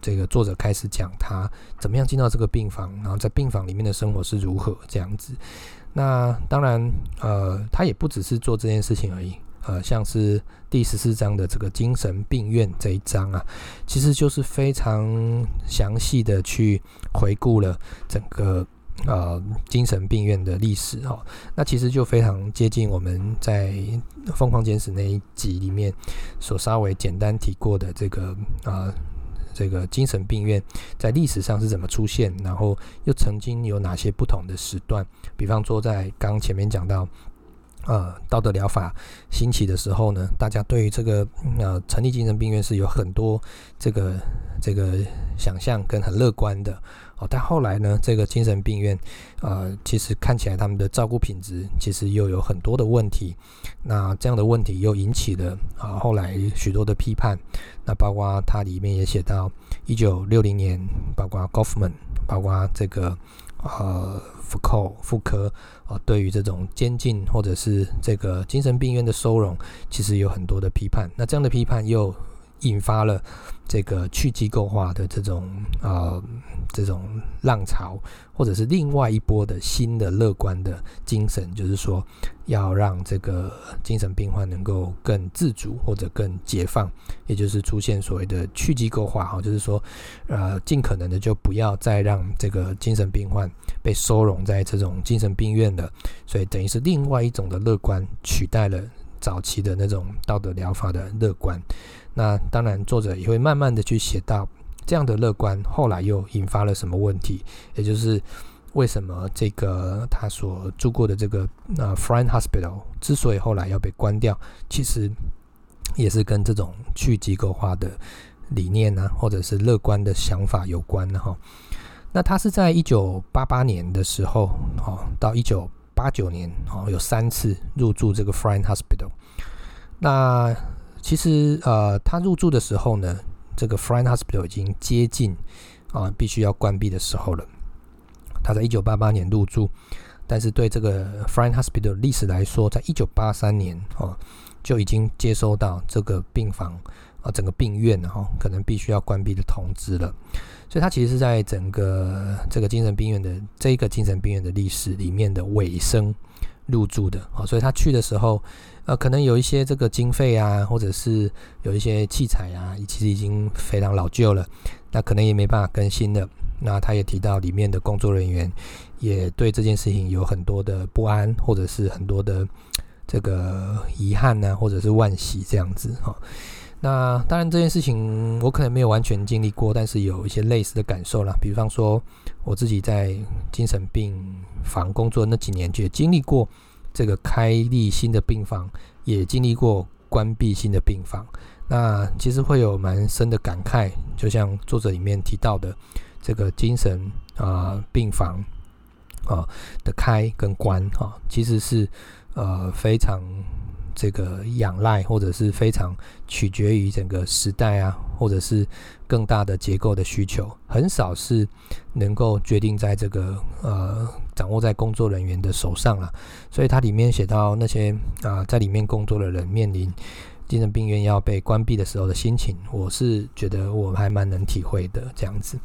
這個作者開始講他怎麼樣進到這個病房，然後在病房裡面的生活是如何這樣子。那當然，呃，他也不只是做這件事情而已，呃，像是第十四章的這個精神病院這一章啊，其實就是非常詳細的去回顧了整個。呃，精神病院的歷史哦，那其實就非常接近我們在《瘋狂簡史》那一集裡面所稍微簡單提過的這個啊、呃，這個精神病院在歷史上是怎麼出現，然後又曾經有哪些不同的時段？比方說，在剛前面講到呃，道德療法興起的時候呢，大家對於這個呃成立精神病院是有很多這個這個想象跟很樂觀的。哦，但後來呢？這個精神病院，呃，其實看起來他們的照顧品質其實又有很多的問題。那這樣的問題又引起了啊，後來許多的批判。那包括它裡面也寫到，一九六零年，包括 Goffman，包括這個呃傅柯傅柯啊，對於這種監禁或者是這個精神病院的收容，其實有很多的批判。那這樣的批判又引發了這個去機構化的這種啊、呃，這種浪潮，或者是另外一波的新的樂觀的精神，就是說要讓這個精神病患能夠更自主或者更解放，也就是出現所謂的去機構化好，就是說呃盡可能的就不要再讓這個精神病患被收容在這種精神病院了，所以等於是另外一種的樂觀取代了早期的那種道德療法的樂觀。那當然，作者也會慢慢的去寫到這樣的樂觀，後來又引發了什麼問題？也就是為什麼這個他所住過的這個呃 Friern Hospital 之所以後來要被關掉，其實也是跟這種去機構化的理念呢、啊，或者是樂觀的想法有關的哈。那他是在一九八八年的時候，哦，到一九八九年，哦，有三次入住這個 Friern Hospital，那。其實，呃，他入住的時候呢，這個 Friern Hospital 已經接近啊，必須要關閉的時候了。他在一九八八年入住，但是對這個 Friern Hospital 歷史來說，在一九八三年啊，就已經接收到這個病房啊，整個病院哈、啊，可能必須要關閉的通知了。所以，他其實是在整個這個精神病院的這一個精神病院的歷史裡面的尾聲入住的。啊。所以他去的時候。呃，可能有一些這個經費啊，或者是有一些器材啊，其實已經非常老舊了，那可能也沒辦法更新了。那他也提到，裡面的工作人員也對這件事情有很多的不安，或者是很多的這個遺憾呢、啊，或者是惋惜這樣子哈。那當然，這件事情我可能沒有完全經歷過，但是有一些類似的感受啦。比方說，我自己在精神病房工作那幾年，就經歷過。這個開立新的病房，也經歷過關閉新的病房，那其實會有蠻深的感慨，就像作者裡面提到的，這個精神啊、呃、病房啊、哦、的開跟關啊、哦，其實是呃非常這個仰賴，或者是非常取決於整個時代啊，或者是更大的結構的需求，很少是能夠決定在這個呃。掌握在工作人員的手上了，所以它裡面寫到那些啊，在裡面工作的人面臨精神病院要被關閉的時候的心情，我是覺得我還蠻能體會的。這樣子，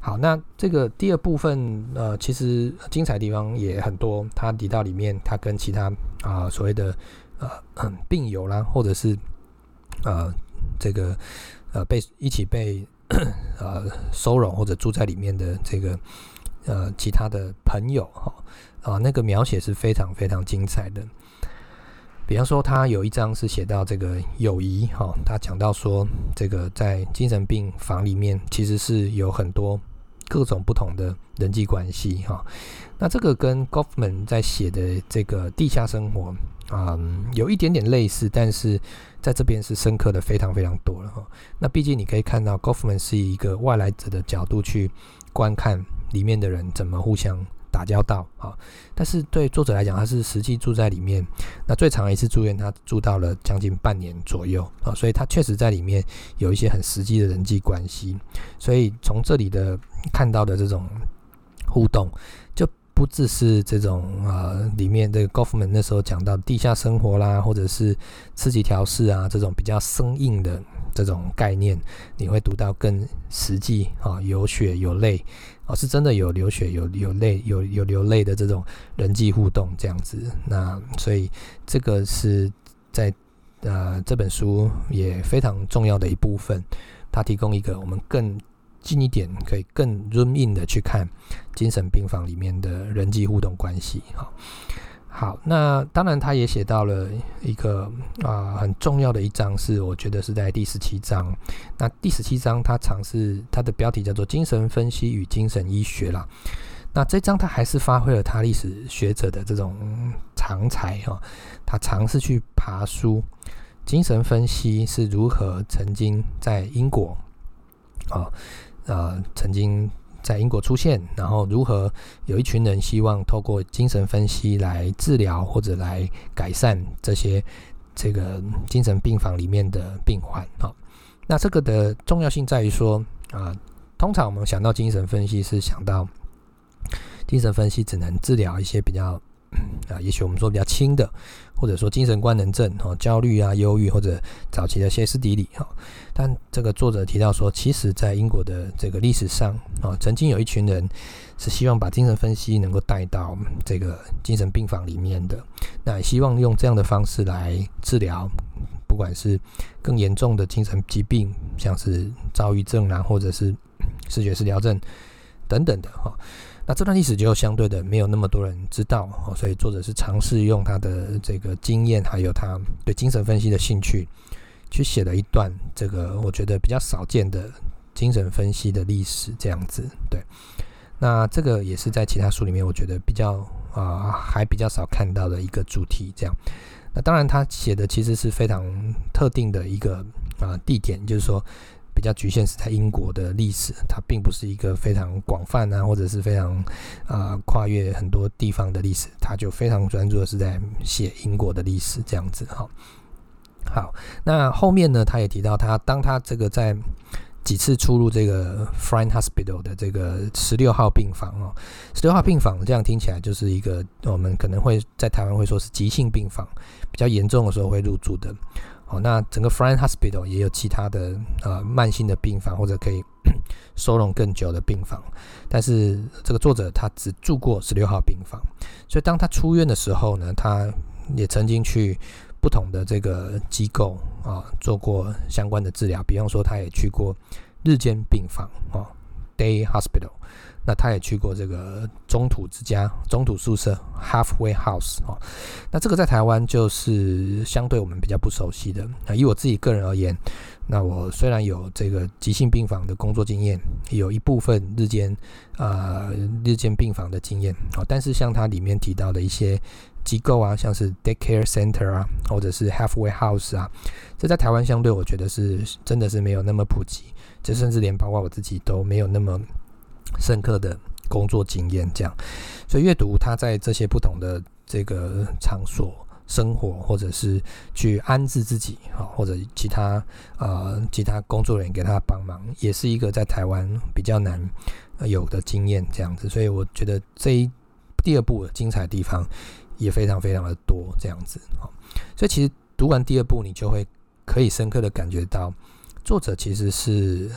好，那這個第二部分，呃，其實精彩的地方也很多。他提到裡面，他跟其他啊所謂的呃病友啦，或者是呃這個呃被一起被呃收容或者住在裡面的這個。呃，其他的朋友哈、哦、啊，那個描寫是非常非常精彩的。比方說，他有一章是寫到這個友誼哈、哦，他講到說，這個在精神病房裡面其實是有很多各種不同的人際關係哈、哦。那這個跟 Goffman 在寫的這個地下生活啊、嗯，有一點點類似，但是在這邊是深刻的非常非常多了哈、哦。那畢竟你可以看到，Goffman 是以一個外來者的角度去觀看。裡面的人怎麼互相打交道啊？但是對作者來講，他是實際住在裡面。那最長一次住院，他住到了將近半年左右啊，所以他確實在裡面有一些很實際的人際關係。所以從這裡的看到的這種互動，就不只是這種啊，裡面這個 Goffman 那時候講到地下生活啦，或者是次級調適啊這種比較生硬的這種概念，你會讀到更實際啊，有血有淚。是真的有流血、有有淚、有有、有流淚的這種人際互動這樣子，那所以這個是在呃這本書也非常重要的一部分，它提供一個我們更近一點可以更 zoom in 的去看精神病房裡面的人際互動關係，哈。好，那當然，他也寫到了一個啊、呃、很重要的一章，是我覺得是在第十七章。那第十七章他嘗試他的標題叫做《精神分析與精神醫學》啦。那這章他還是發揮了他歷史學者的這種長才哦，他嘗試去爬梳，精神分析是如何曾經在英國啊啊、哦呃、曾經。在英國出現，然後如何有一群人希望透過精神分析來治療或者來改善這些這個精神病房裡面的病患。哈，那這個的重要性在於說啊，通常我們想到精神分析是想到精神分析只能治療一些比較。啊，也許我們說比較輕的，或者說精神官能症、哈、哦、焦慮啊、憂鬱或者早期的歇斯底里哈、哦，但這個作者提到說，其實，在英國的這個歷史上啊、哦，曾經有一群人是希望把精神分析能夠帶到這個精神病房裡面的，那也希望用這樣的方式來治療，不管是更嚴重的精神疾病，像是躁鬱症啊，或者是思覺失調症等等的哈。哦那這段歷史就相對的沒有那麼多人知道，所以作者是嘗試用他的這個經驗，還有他對精神分析的興趣，去寫了一段這個我覺得比較少見的精神分析的歷史這樣子。對，那這個也是在其他書裡面我覺得比較啊、呃、還比較少看到的一個主題。這樣，那當然他寫的其實是非常特定的一個啊、呃、地點，就是說。比較局限是在英國的歷史，它並不是一個非常廣泛啊，或者是非常啊、呃、跨越很多地方的歷史，它就非常專注的是在寫英國的歷史這樣子哈。好，那後面呢，他也提到它，他當他這個在幾次出入這個 Friern Hospital 的這個十六號病房哦，十六號病房這樣聽起來就是一個我們可能會在台灣會說是急性病房，比較嚴重的時候會入住的。哦，那整個 Friern Hospital 也有其他的呃慢性的病房，或者可以收容更久的病房，但是這個作者他只住過十六號病房，所以當他出院的時候呢，他也曾經去不同的這個機構啊做過相關的治療，比方說他也去過日間病房啊 Day Hospital。那他也去過這個中途之家、中途宿舍 （Halfway House） 哦。那這個在台灣就是相對我們比較不熟悉的。以我自己個人而言，那我雖然有這個急性病房的工作經驗，有一部分日間啊、日間病房的經驗哦，但是像它裡面提到的一些機構啊，像是 Daycare Center 啊，或者是 Halfway House 啊，這在台灣相對我覺得是真的是沒有那麼普及。這甚至連包括我自己都沒有那麼。深刻的工作經驗，這樣，所以閱讀他在這些不同的這個場所生活，或者是去安置自己，啊，或者其他啊、呃，其他工作人員給他幫忙，也是一個在台灣比較難有的經驗，這樣子。所以我覺得這一第二部精彩的地方也非常非常的多，這樣子。好，所以其實讀完第二部，你就會可以深刻的感覺到，作者其實是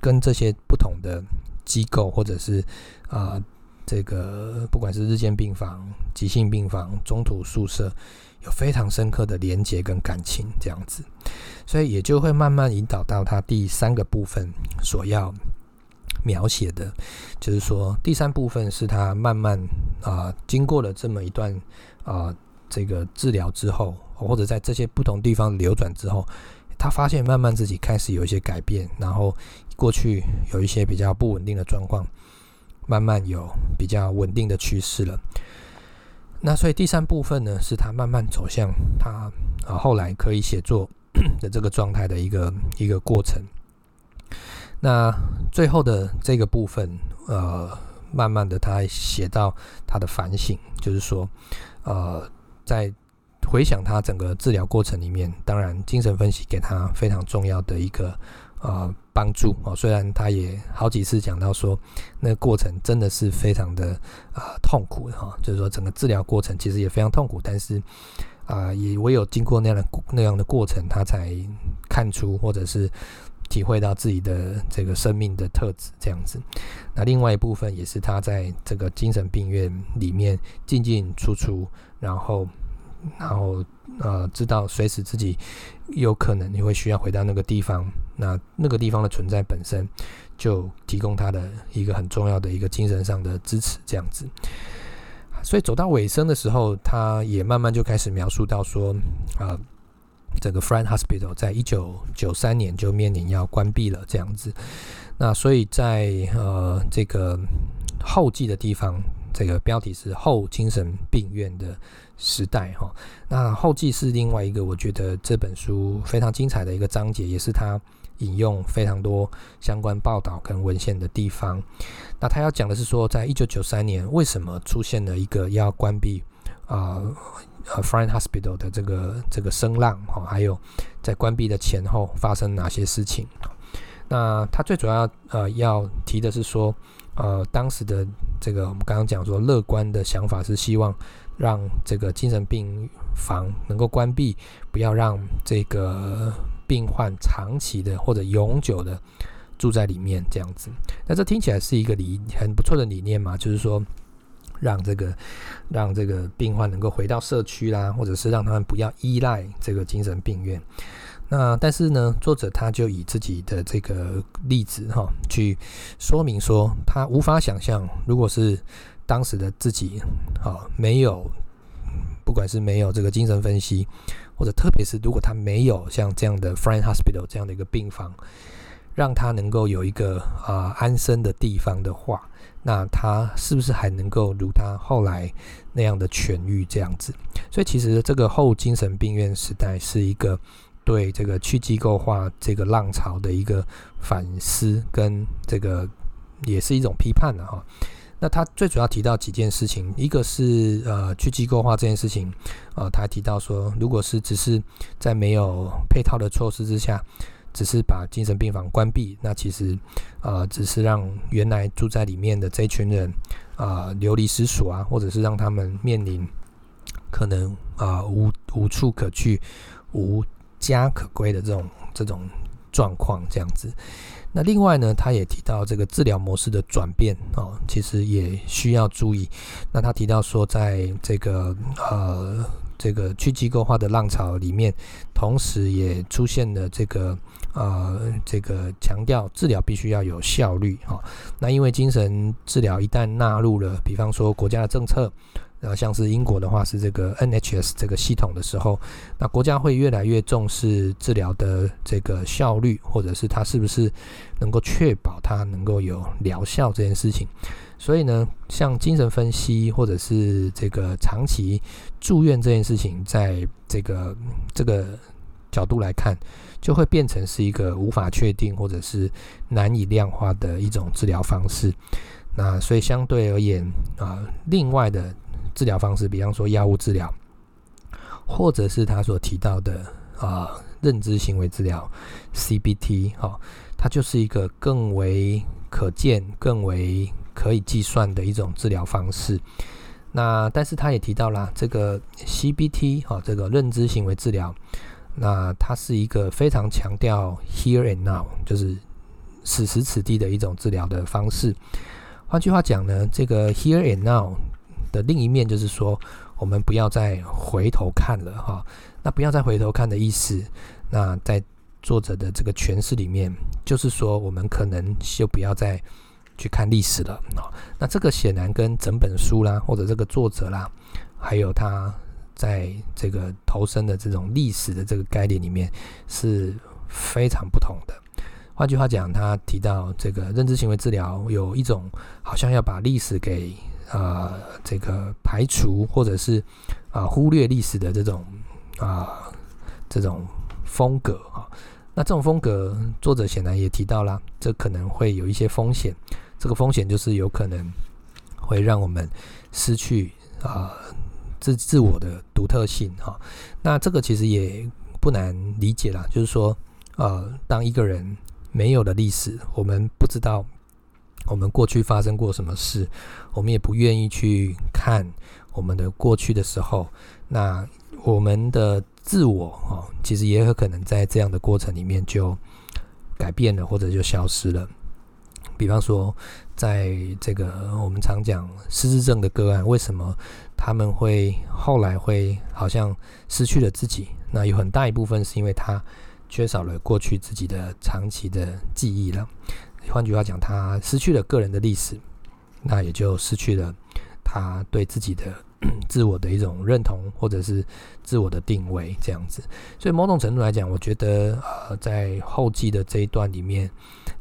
跟這些不同的。機構或者是啊、呃，這個不管是日間病房、急性病房、中途宿舍，有非常深刻的連接跟感情這樣子，所以也就會慢慢引導到他第三個部分所要描寫的，就是說第三部分是他慢慢啊、呃、經過了這麼一段啊、呃、這個治療之後，或者在這些不同地方流轉之後，他發現慢慢自己開始有一些改變，然後。過去有一些比較不穩定的狀況，慢慢有比較穩定的趨勢了。那所以第三部分呢，是他慢慢走向他啊後來可以寫作的這個狀態的一個一個過程。那最後的這個部分，呃，慢慢的他寫到他的反省，就是說，呃，在回想他整個治療過程裡面，當然精神分析給他非常重要的一個。啊、呃，幫助啊、哦！雖然他也好幾次講到說，那個過程真的是非常的啊、呃、痛苦哈、哦，就是說整個治療過程其實也非常痛苦，但是啊、呃，也唯有經過那樣的那樣的過程，他才看出或者是體會到自己的這個生命的特質這樣子。那另外一部分也是他在這個精神病院裡面進進出出，然後然後呃，知道隨時自己有可能你會需要回到那個地方。那那個地方的存在本身就提供他的一個很重要的一個精神上的支持，這樣子。所以走到尾聲的時候，他也慢慢就開始描述到說，啊，這個 Friend Hospital 在一九九三年就面臨要關閉了，這樣子。那所以在呃這個後記的地方，這個標題是“後精神病院的時代”哈。那後記是另外一個我覺得這本書非常精彩的一個章節，也是他。引用非常多相關報道跟文獻的地方。那他要講的是說，在一九九三年為什麼出現了一個要關閉啊呃 Friern Hospital 的這個這個聲浪，哦，還有在關閉的前後發生哪些事情。那他最主要呃要提的是說，呃當時的這個我們剛剛講說，樂觀的想法是希望讓這個精神病房能夠關閉，不要讓這個。病患長期的或者永久的住在裡面這樣子，那這聽起來是一個理很不錯的理念嘛，就是說讓這個讓這個病患能夠回到社區啦，或者是讓他們不要依賴這個精神病院。那但是呢，作者他就以自己的這個例子哈，去說明說，他無法想象，如果是當時的自己，啊，沒有，不管是沒有這個精神分析。或者，特別是如果他沒有像這樣的 friend hospital 這樣的一個病房，讓他能夠有一個啊、呃、安身的地方的話，那他是不是還能夠如他後來那樣的痊癒這樣子？所以，其實這個後精神病院時代是一個對這個去機構化這個浪潮的一個反思，跟這個也是一種批判的、啊、哈。那他最主要提到幾件事情，一個是呃去機構化這件事情，呃他還提到說，如果是只是在沒有配套的措施之下，只是把精神病房關閉，那其實呃只是讓原來住在裡面的這群人啊、呃、流離失所啊，或者是讓他們面臨可能啊、呃、無無處可去、無家可歸的這種這種狀況這樣子。那另外呢，他也提到這個治療模式的轉變哦，其實也需要注意。那他提到說，在這個呃這個去機構化的浪潮裡面，同時也出現了這個呃這個強調治療必須要有效率啊。那因為精神治療一旦納入了，比方說國家的政策。然後像是英國的話是這個 NHS 這個系統的時候，那國家會越來越重視治療的這個效率，或者是它是不是能夠確保它能夠有療效這件事情。所以呢，像精神分析或者是這個長期住院這件事情，在這個這個角度來看，就會變成是一個無法確定或者是難以量化的一種治療方式。那所以相對而言啊，呃，另外的。治療方式，比方說藥物治療，或者是他所提到的啊，認知行為治療 （CBT） 哈、哦，它就是一個更為可見、更為可以計算的一種治療方式。那但是他也提到了這個 CBT 哈、哦，這個認知行為治療，那它是一個非常強調 here and now，就是此時此地的一種治療的方式。換句話講呢，這個 here and now。的另一面就是說，我們不要再回頭看了哈。那不要再回頭看的意思，那在作者的這個詮釋裡面，就是說我們可能就不要再去看歷史了。那這個顯然跟整本書啦，或者這個作者啦，還有他在這個投身的這種歷史的這個概念裡面是非常不同的。換句話講，他提到這個認知行為治療有一種好像要把歷史給。啊、呃，這個排除或者是啊、呃、忽略歷史的這種啊、呃、這種風格啊，那這種風格作者顯然也提到了，這可能會有一些風險。這個風險就是有可能會讓我們失去啊、呃、自自我的獨特性哈。那這個其實也不難理解啦，就是說呃，當一個人沒有了歷史，我們不知道。我們過去發生過什麼事，我們也不願意去看我們的過去的時候，那我們的自我哦，其實也有可能在這樣的過程裡面就改變了，或者就消失了。比方說，在這個我們常講失智症的個案，為什麼他們會後來會好像失去了自己？那有很大一部分是因為他缺少了過去自己的長期的記憶了。換句話講，他失去了個人的歷史，那也就失去了他對自己的自我的一種認同，或者是自我的定位，這樣子。所以某種程度來講，我覺得呃，在後繼的這一段裡面，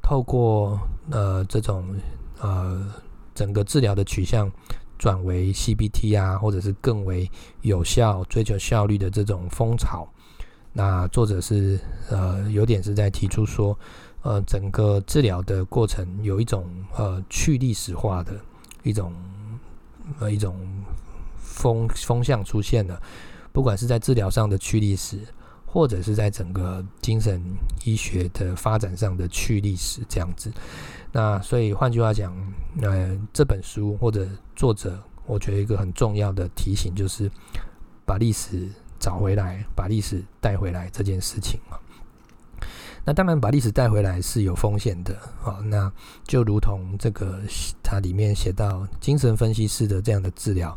透過呃這種呃整個治療的取向轉為 CBT 啊，或者是更為有效、追求效率的這種風潮，那作者是呃有點是在提出說。呃，整個治療的過程有一種呃去歷史化的一種呃一種風風向出現了，不管是在治療上的去歷史，或者是在整個精神醫學的發展上的去歷史這樣子。那所以換句話講，呃，這本書或者作者，我覺得一個很重要的提醒就是，把歷史找回來，把歷史帶回來這件事情嘛、啊。那當然，把歷史帶回來是有風險的，好，那就如同這個，它裡面寫到精神分析師的這樣的治療，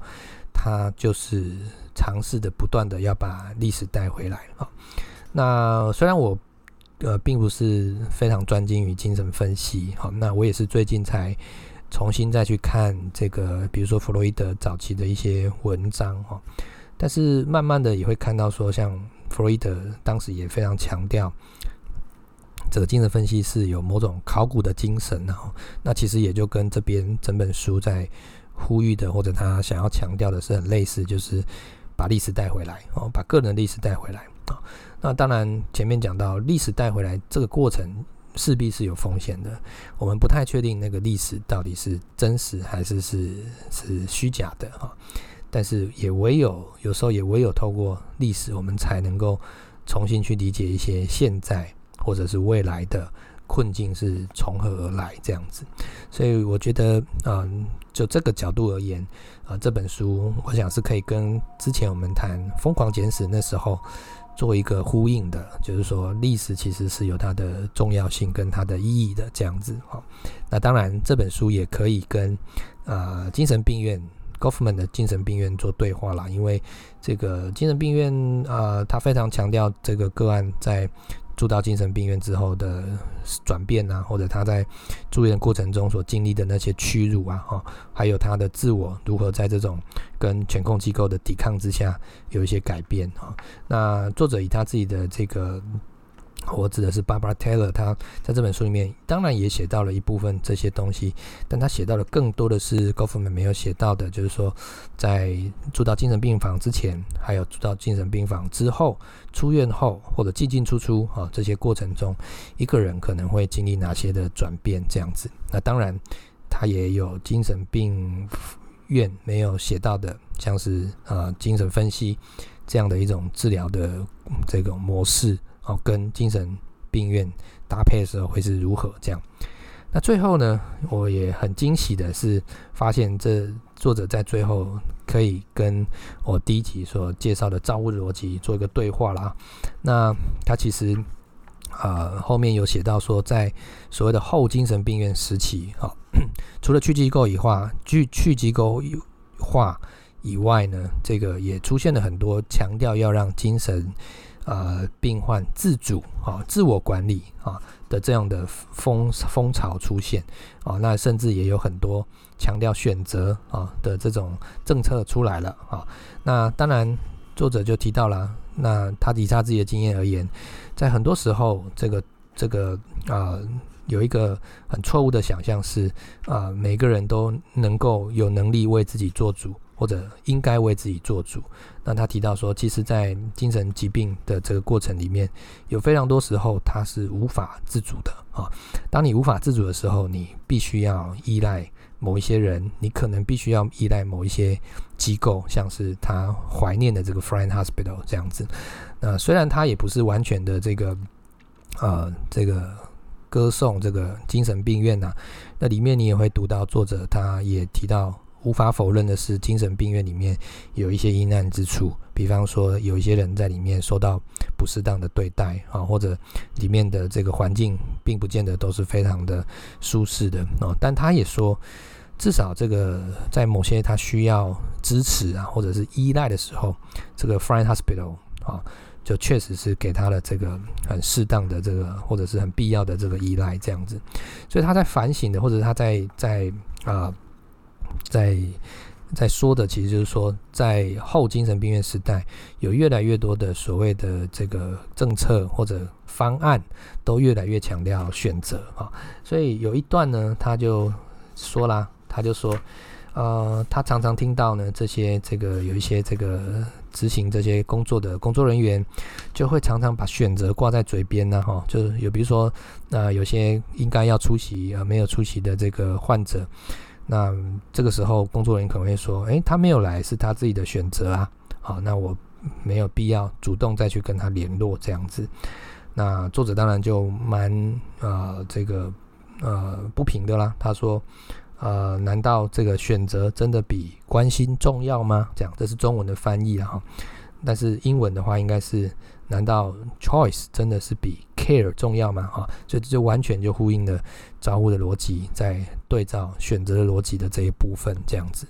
他就是嘗試的不斷的要把歷史帶回來啊。那雖然我呃並不是非常專精於精神分析，好，那我也是最近才重新再去看這個，比如說弗洛伊德早期的一些文章啊，但是慢慢的也會看到說，像弗洛伊德當時也非常強調。這個精神分析是有某種考古的精神啊，那其實也就跟這邊整本書在呼籲的，或者他想要強調的是很類似，就是把歷史帶回來哦，把個人歷史帶回來啊。那當然前面講到歷史帶回來這個過程勢必是有風險的，我們不太確定那個歷史到底是真實還是是是虛假的啊。但是也唯有有時候也唯有透過歷史，我們才能夠重新去理解一些現在。或者是未來的困境是從何而來？這樣子，所以我覺得，嗯，就這個角度而言，啊，這本書我想是可以跟之前我們談《瘋狂簡史》那時候做一個呼應的，就是說歷史其實是有它的重要性跟它的意義的這樣子。哈，那當然這本書也可以跟呃精神病院 Goffman 的精神病院做對話啦，因為這個精神病院呃，它非常強調這個個案在。住到精神病院之後的轉變啊，或者他在住院過程中所經歷的那些屈辱啊，哈，還有他的自我如何在這種跟全控機構的抵抗之下有一些改變啊。那作者以他自己的這個。我指的是 Barbara Taylor，他在這本書裡面當然也寫到了一部分這些東西，但他寫到的更多的是 Goffman 沒有寫到的，就是說在住到精神病房之前，還有住到精神病房之後，出院後或者進進出出啊、哦、這些過程中，一個人可能會經歷哪些的轉變這樣子。那當然，他也有精神病院沒有寫到的，像是啊、呃、精神分析這樣的一種治療的、嗯、這個模式。跟精神病院搭配的時候會是如何？這樣，那最後呢，我也很驚喜的是，發現這作者在最後可以跟我第一集所介紹的造物邏輯做一個對話啦。那他其實，啊，後面有寫到說，在所謂的後精神病院時期，啊，除了去機構化以外，去機構化以外呢，這個也出現了很多強調要讓精神。呃，病患自主啊、哦，自我管理啊、哦、的這樣的風風潮出現啊、哦，那甚至也有很多強調選擇啊、哦、的這種政策出來了啊、哦。那當然，作者就提到了，那他以他自己的經驗而言，在很多時候，這個，這個這個啊，有一個很錯誤的想象是啊、呃，每個人都能夠有能力為自己做主。或者應該為自己做主。那他提到說，其實，在精神疾病的這個過程裡面，有非常多時候他是無法自主的啊。當你無法自主的時候，你必須要依賴某一些人，你可能必須要依賴某一些機構，像是他懷念的這個 Friend Hospital 這樣子。那雖然他也不是完全的這個呃，這個歌頌這個精神病院吶、啊，那裡面你也會讀到作者他也提到。無法否認的是，精神病院裡面有一些陰暗之處，比方說有一些人在裡面受到不適當的對待啊，或者裡面的這個環境並不見得都是非常的舒適的啊。但他也說，至少這個在某些他需要支持啊，或者是依賴的時候，這個 Friern Hospital 啊，就確實是給他了這個很適當的這個，或者是很必要的這個依賴這樣子。所以他在反省的，或者他在在啊、呃。在在說的，其實就是說，在後精神病院時代，有越來越多的所謂的這個政策或者方案，都越來越強調選擇哈。所以有一段呢，他就說啦，他就說，呃，他常常聽到呢，這些這個有一些這個執行這些工作的工作人員，就會常常把選擇掛在嘴邊呢，哈，就是有比如說、呃，那有些應該要出席呃沒有出席的這個患者。那這個時候，工作人員可能會說：“誒、欸，他沒有來，是他自己的選擇啊。好，那我沒有必要主動再去跟他聯絡這樣子。”那作者當然就蠻呃這個呃不平的啦。他說：“呃，難道這個選擇真的比關心重要嗎？”這樣，這是中文的翻譯啊。哈。但是英文的話，應該是難道 choice 真的是比 care 重要嗎？哈、啊，所以這完全就呼應了照護的邏輯，在對照選擇的邏輯的這一部分這樣子。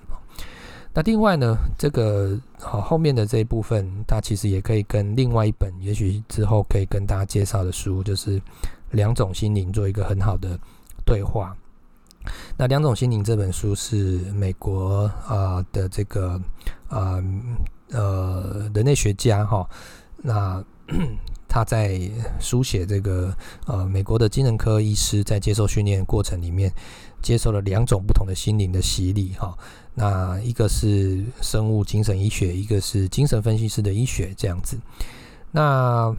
那另外呢，這個好、啊、後面的這一部分，它其實也可以跟另外一本，也許之後可以跟大家介紹的書，就是《兩種心靈》做一個很好的對話。那《兩種心靈》這本書是美國啊、呃、的這個啊。呃呃，人類學家哈、哦，那他在書寫這個呃，美國的精神科醫師在接受訓練過程裡面，接受了兩種不同的心靈的洗禮哈、哦。那一個是生物精神醫學，一個是精神分析師的醫學這樣子。那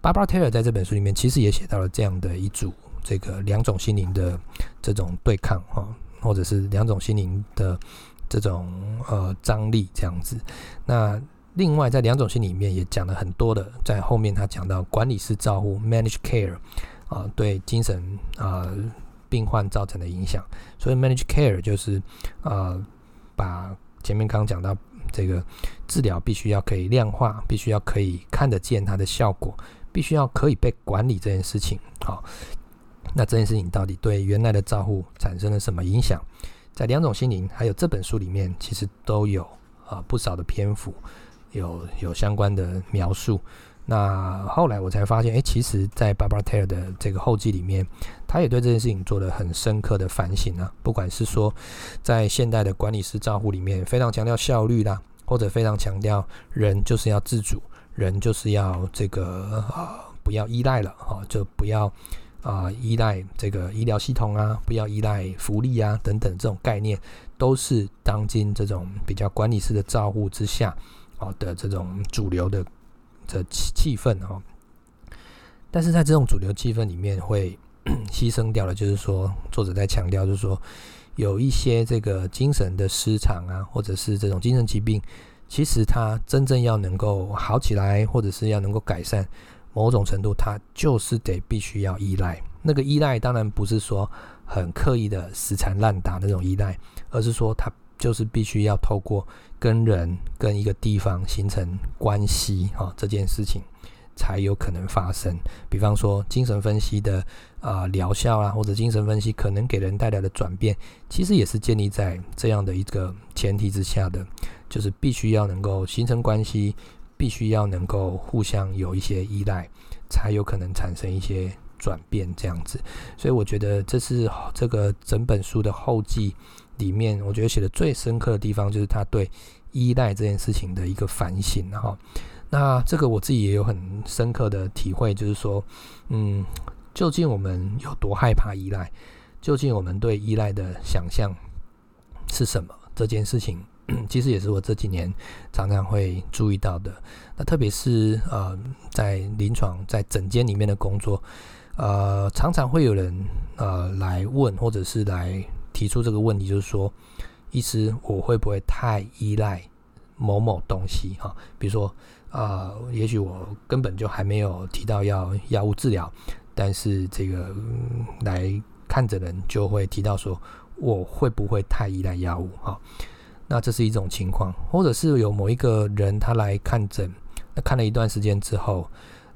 Barbara Taylor 在這本書裡面其實也寫到了這樣的一組這個兩種心靈的這種對抗哈、哦，或者是兩種心靈的。這種呃張力這樣子，那另外在兩種性裡面也講了很多的，在後面他講到管理式照護 （manage care） 啊、呃，對精神啊、呃、病患造成的影響。所以 manage care 就是呃，把前面剛剛講到這個治療必須要可以量化，必須要可以看得見它的效果，必須要可以被管理這件事情。好、哦，那這件事情到底對原來的照護產生了什麼影響？在兩種心靈還有這本書裡面，其實都有啊不少的篇幅，有有相關的描述。那後來我才發現，誒、欸，其實，在 Barbara Taylor 的這個後記裡面，他也對這件事情做了很深刻的反省啊。不管是說在現代的管理式照護裡面，非常強調效率啦，或者非常強調人就是要自主，人就是要這個啊，不要依賴了啊，就不要。啊，依賴這個醫療系統啊，不要依賴福利啊，等等這種概念，都是當今這種比較管理式的照顧之下，哦的這種主流的的氣氣氛哦。但是在這種主流氣氛裡面會，會犧牲掉的，就是說作者在強調，就是說有一些這個精神的失常啊，或者是這種精神疾病，其實它真正要能夠好起來，或者是要能夠改善。某種程度，它就是得必須要依賴那個依賴，當然不是說很刻意的死纏爛打那種依賴，而是說它就是必須要透過跟人、跟一個地方形成關係，哈，這件事情才有可能發生。比方說，精神分析的啊療效啊，或者精神分析可能給人帶來的轉變，其實也是建立在這樣的一個前提之下的，就是必須要能夠形成關係。必須要能夠互相有一些依賴，才有可能產生一些轉變這樣子。所以我覺得這是這個整本書的後記裡面，我覺得寫的最深刻的地方，就是他對依賴這件事情的一個反省哈。那這個我自己也有很深刻的體會，就是說，嗯，究竟我們有多害怕依賴？究竟我們對依賴的想象是什麼？這件事情。其實也是我這幾年常常會注意到的。那特別是呃，在臨床在診間裡面的工作，呃，常常會有人呃來問，或者是來提出這個問題，就是說，醫師，我會不會太依賴某某東西哈？比如說啊、呃，也許我根本就還沒有提到要藥物治療，但是這個、嗯、來看診的人就會提到說，我會不會太依賴藥物哈？那這是一種情況，或者是有某一個人他來看診，那看了一段時間之後，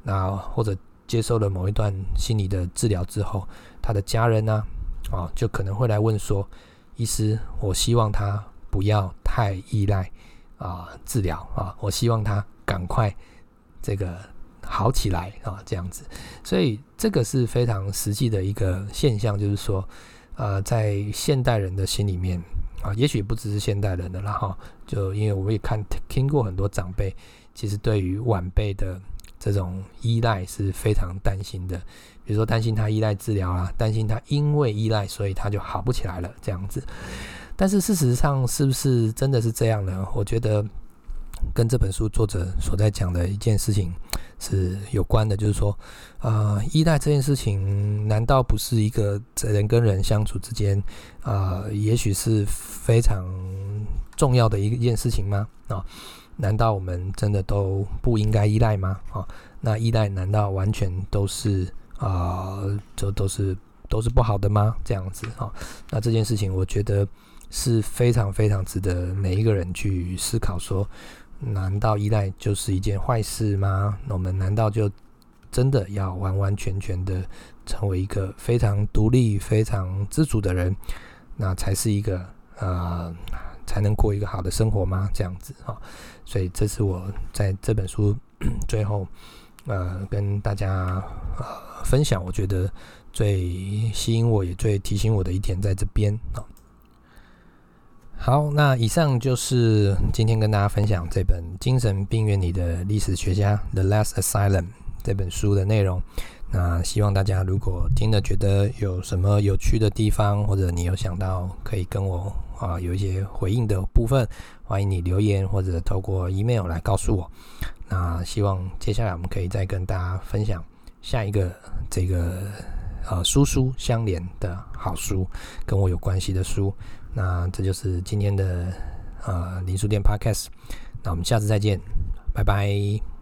那或者接受了某一段心理的治療之後，他的家人呢，啊，啊，就可能會來問說，醫師，我希望他不要太依賴啊治療啊，我希望他趕快這個好起來啊，這樣子，所以這個是非常實際的一個現象，就是說，啊、呃，在現代人的心裡面。啊，也許不只是現代人的了哈，然後就因為我也看聽過很多長輩，其實對於晚輩的這種依賴是非常擔心的，比如說擔心他依賴治療啊，擔心他因為依賴所以他就好不起來了這樣子。但是事實上是不是真的是這樣呢？我覺得。跟這本書作者所在講的一件事情是有關的，就是說，啊、呃，依賴這件事情，難道不是一個人跟人相處之間，啊、呃，也許是非常重要的一件事情嗎？啊、哦，難道我們真的都不應該依賴嗎？啊、哦，那依賴難道完全都是啊，這、呃、都是都是不好的嗎？這樣子啊、哦，那這件事情我覺得是非常非常值得每一個人去思考說，難道依賴就是一件壞事嗎？我們難道就真的要完完全全的成為一個非常獨立、非常自主的人，那才是一個呃，才能過一個好的生活嗎？這樣子啊、哦，所以這是我在這本書 <coughs> 最後呃跟大家呃分享，我覺得最吸引我，也最提醒我的一點，在這邊啊。哦好，那以上就是今天跟大家分享這本精神病院裡的歷史學家《The Last Asylum》這本書的內容。那希望大家如果聽了覺得有什麼有趣的地方，或者你有想到可以跟我啊、呃、有一些回應的部分，歡迎你留言或者透過 email 來告訴我。那希望接下來我們可以再跟大家分享下一個這個呃書書相連的好書，跟我有關係的書。那這就是今天的啊，零售店 Podcast。那我們下次再見，拜拜。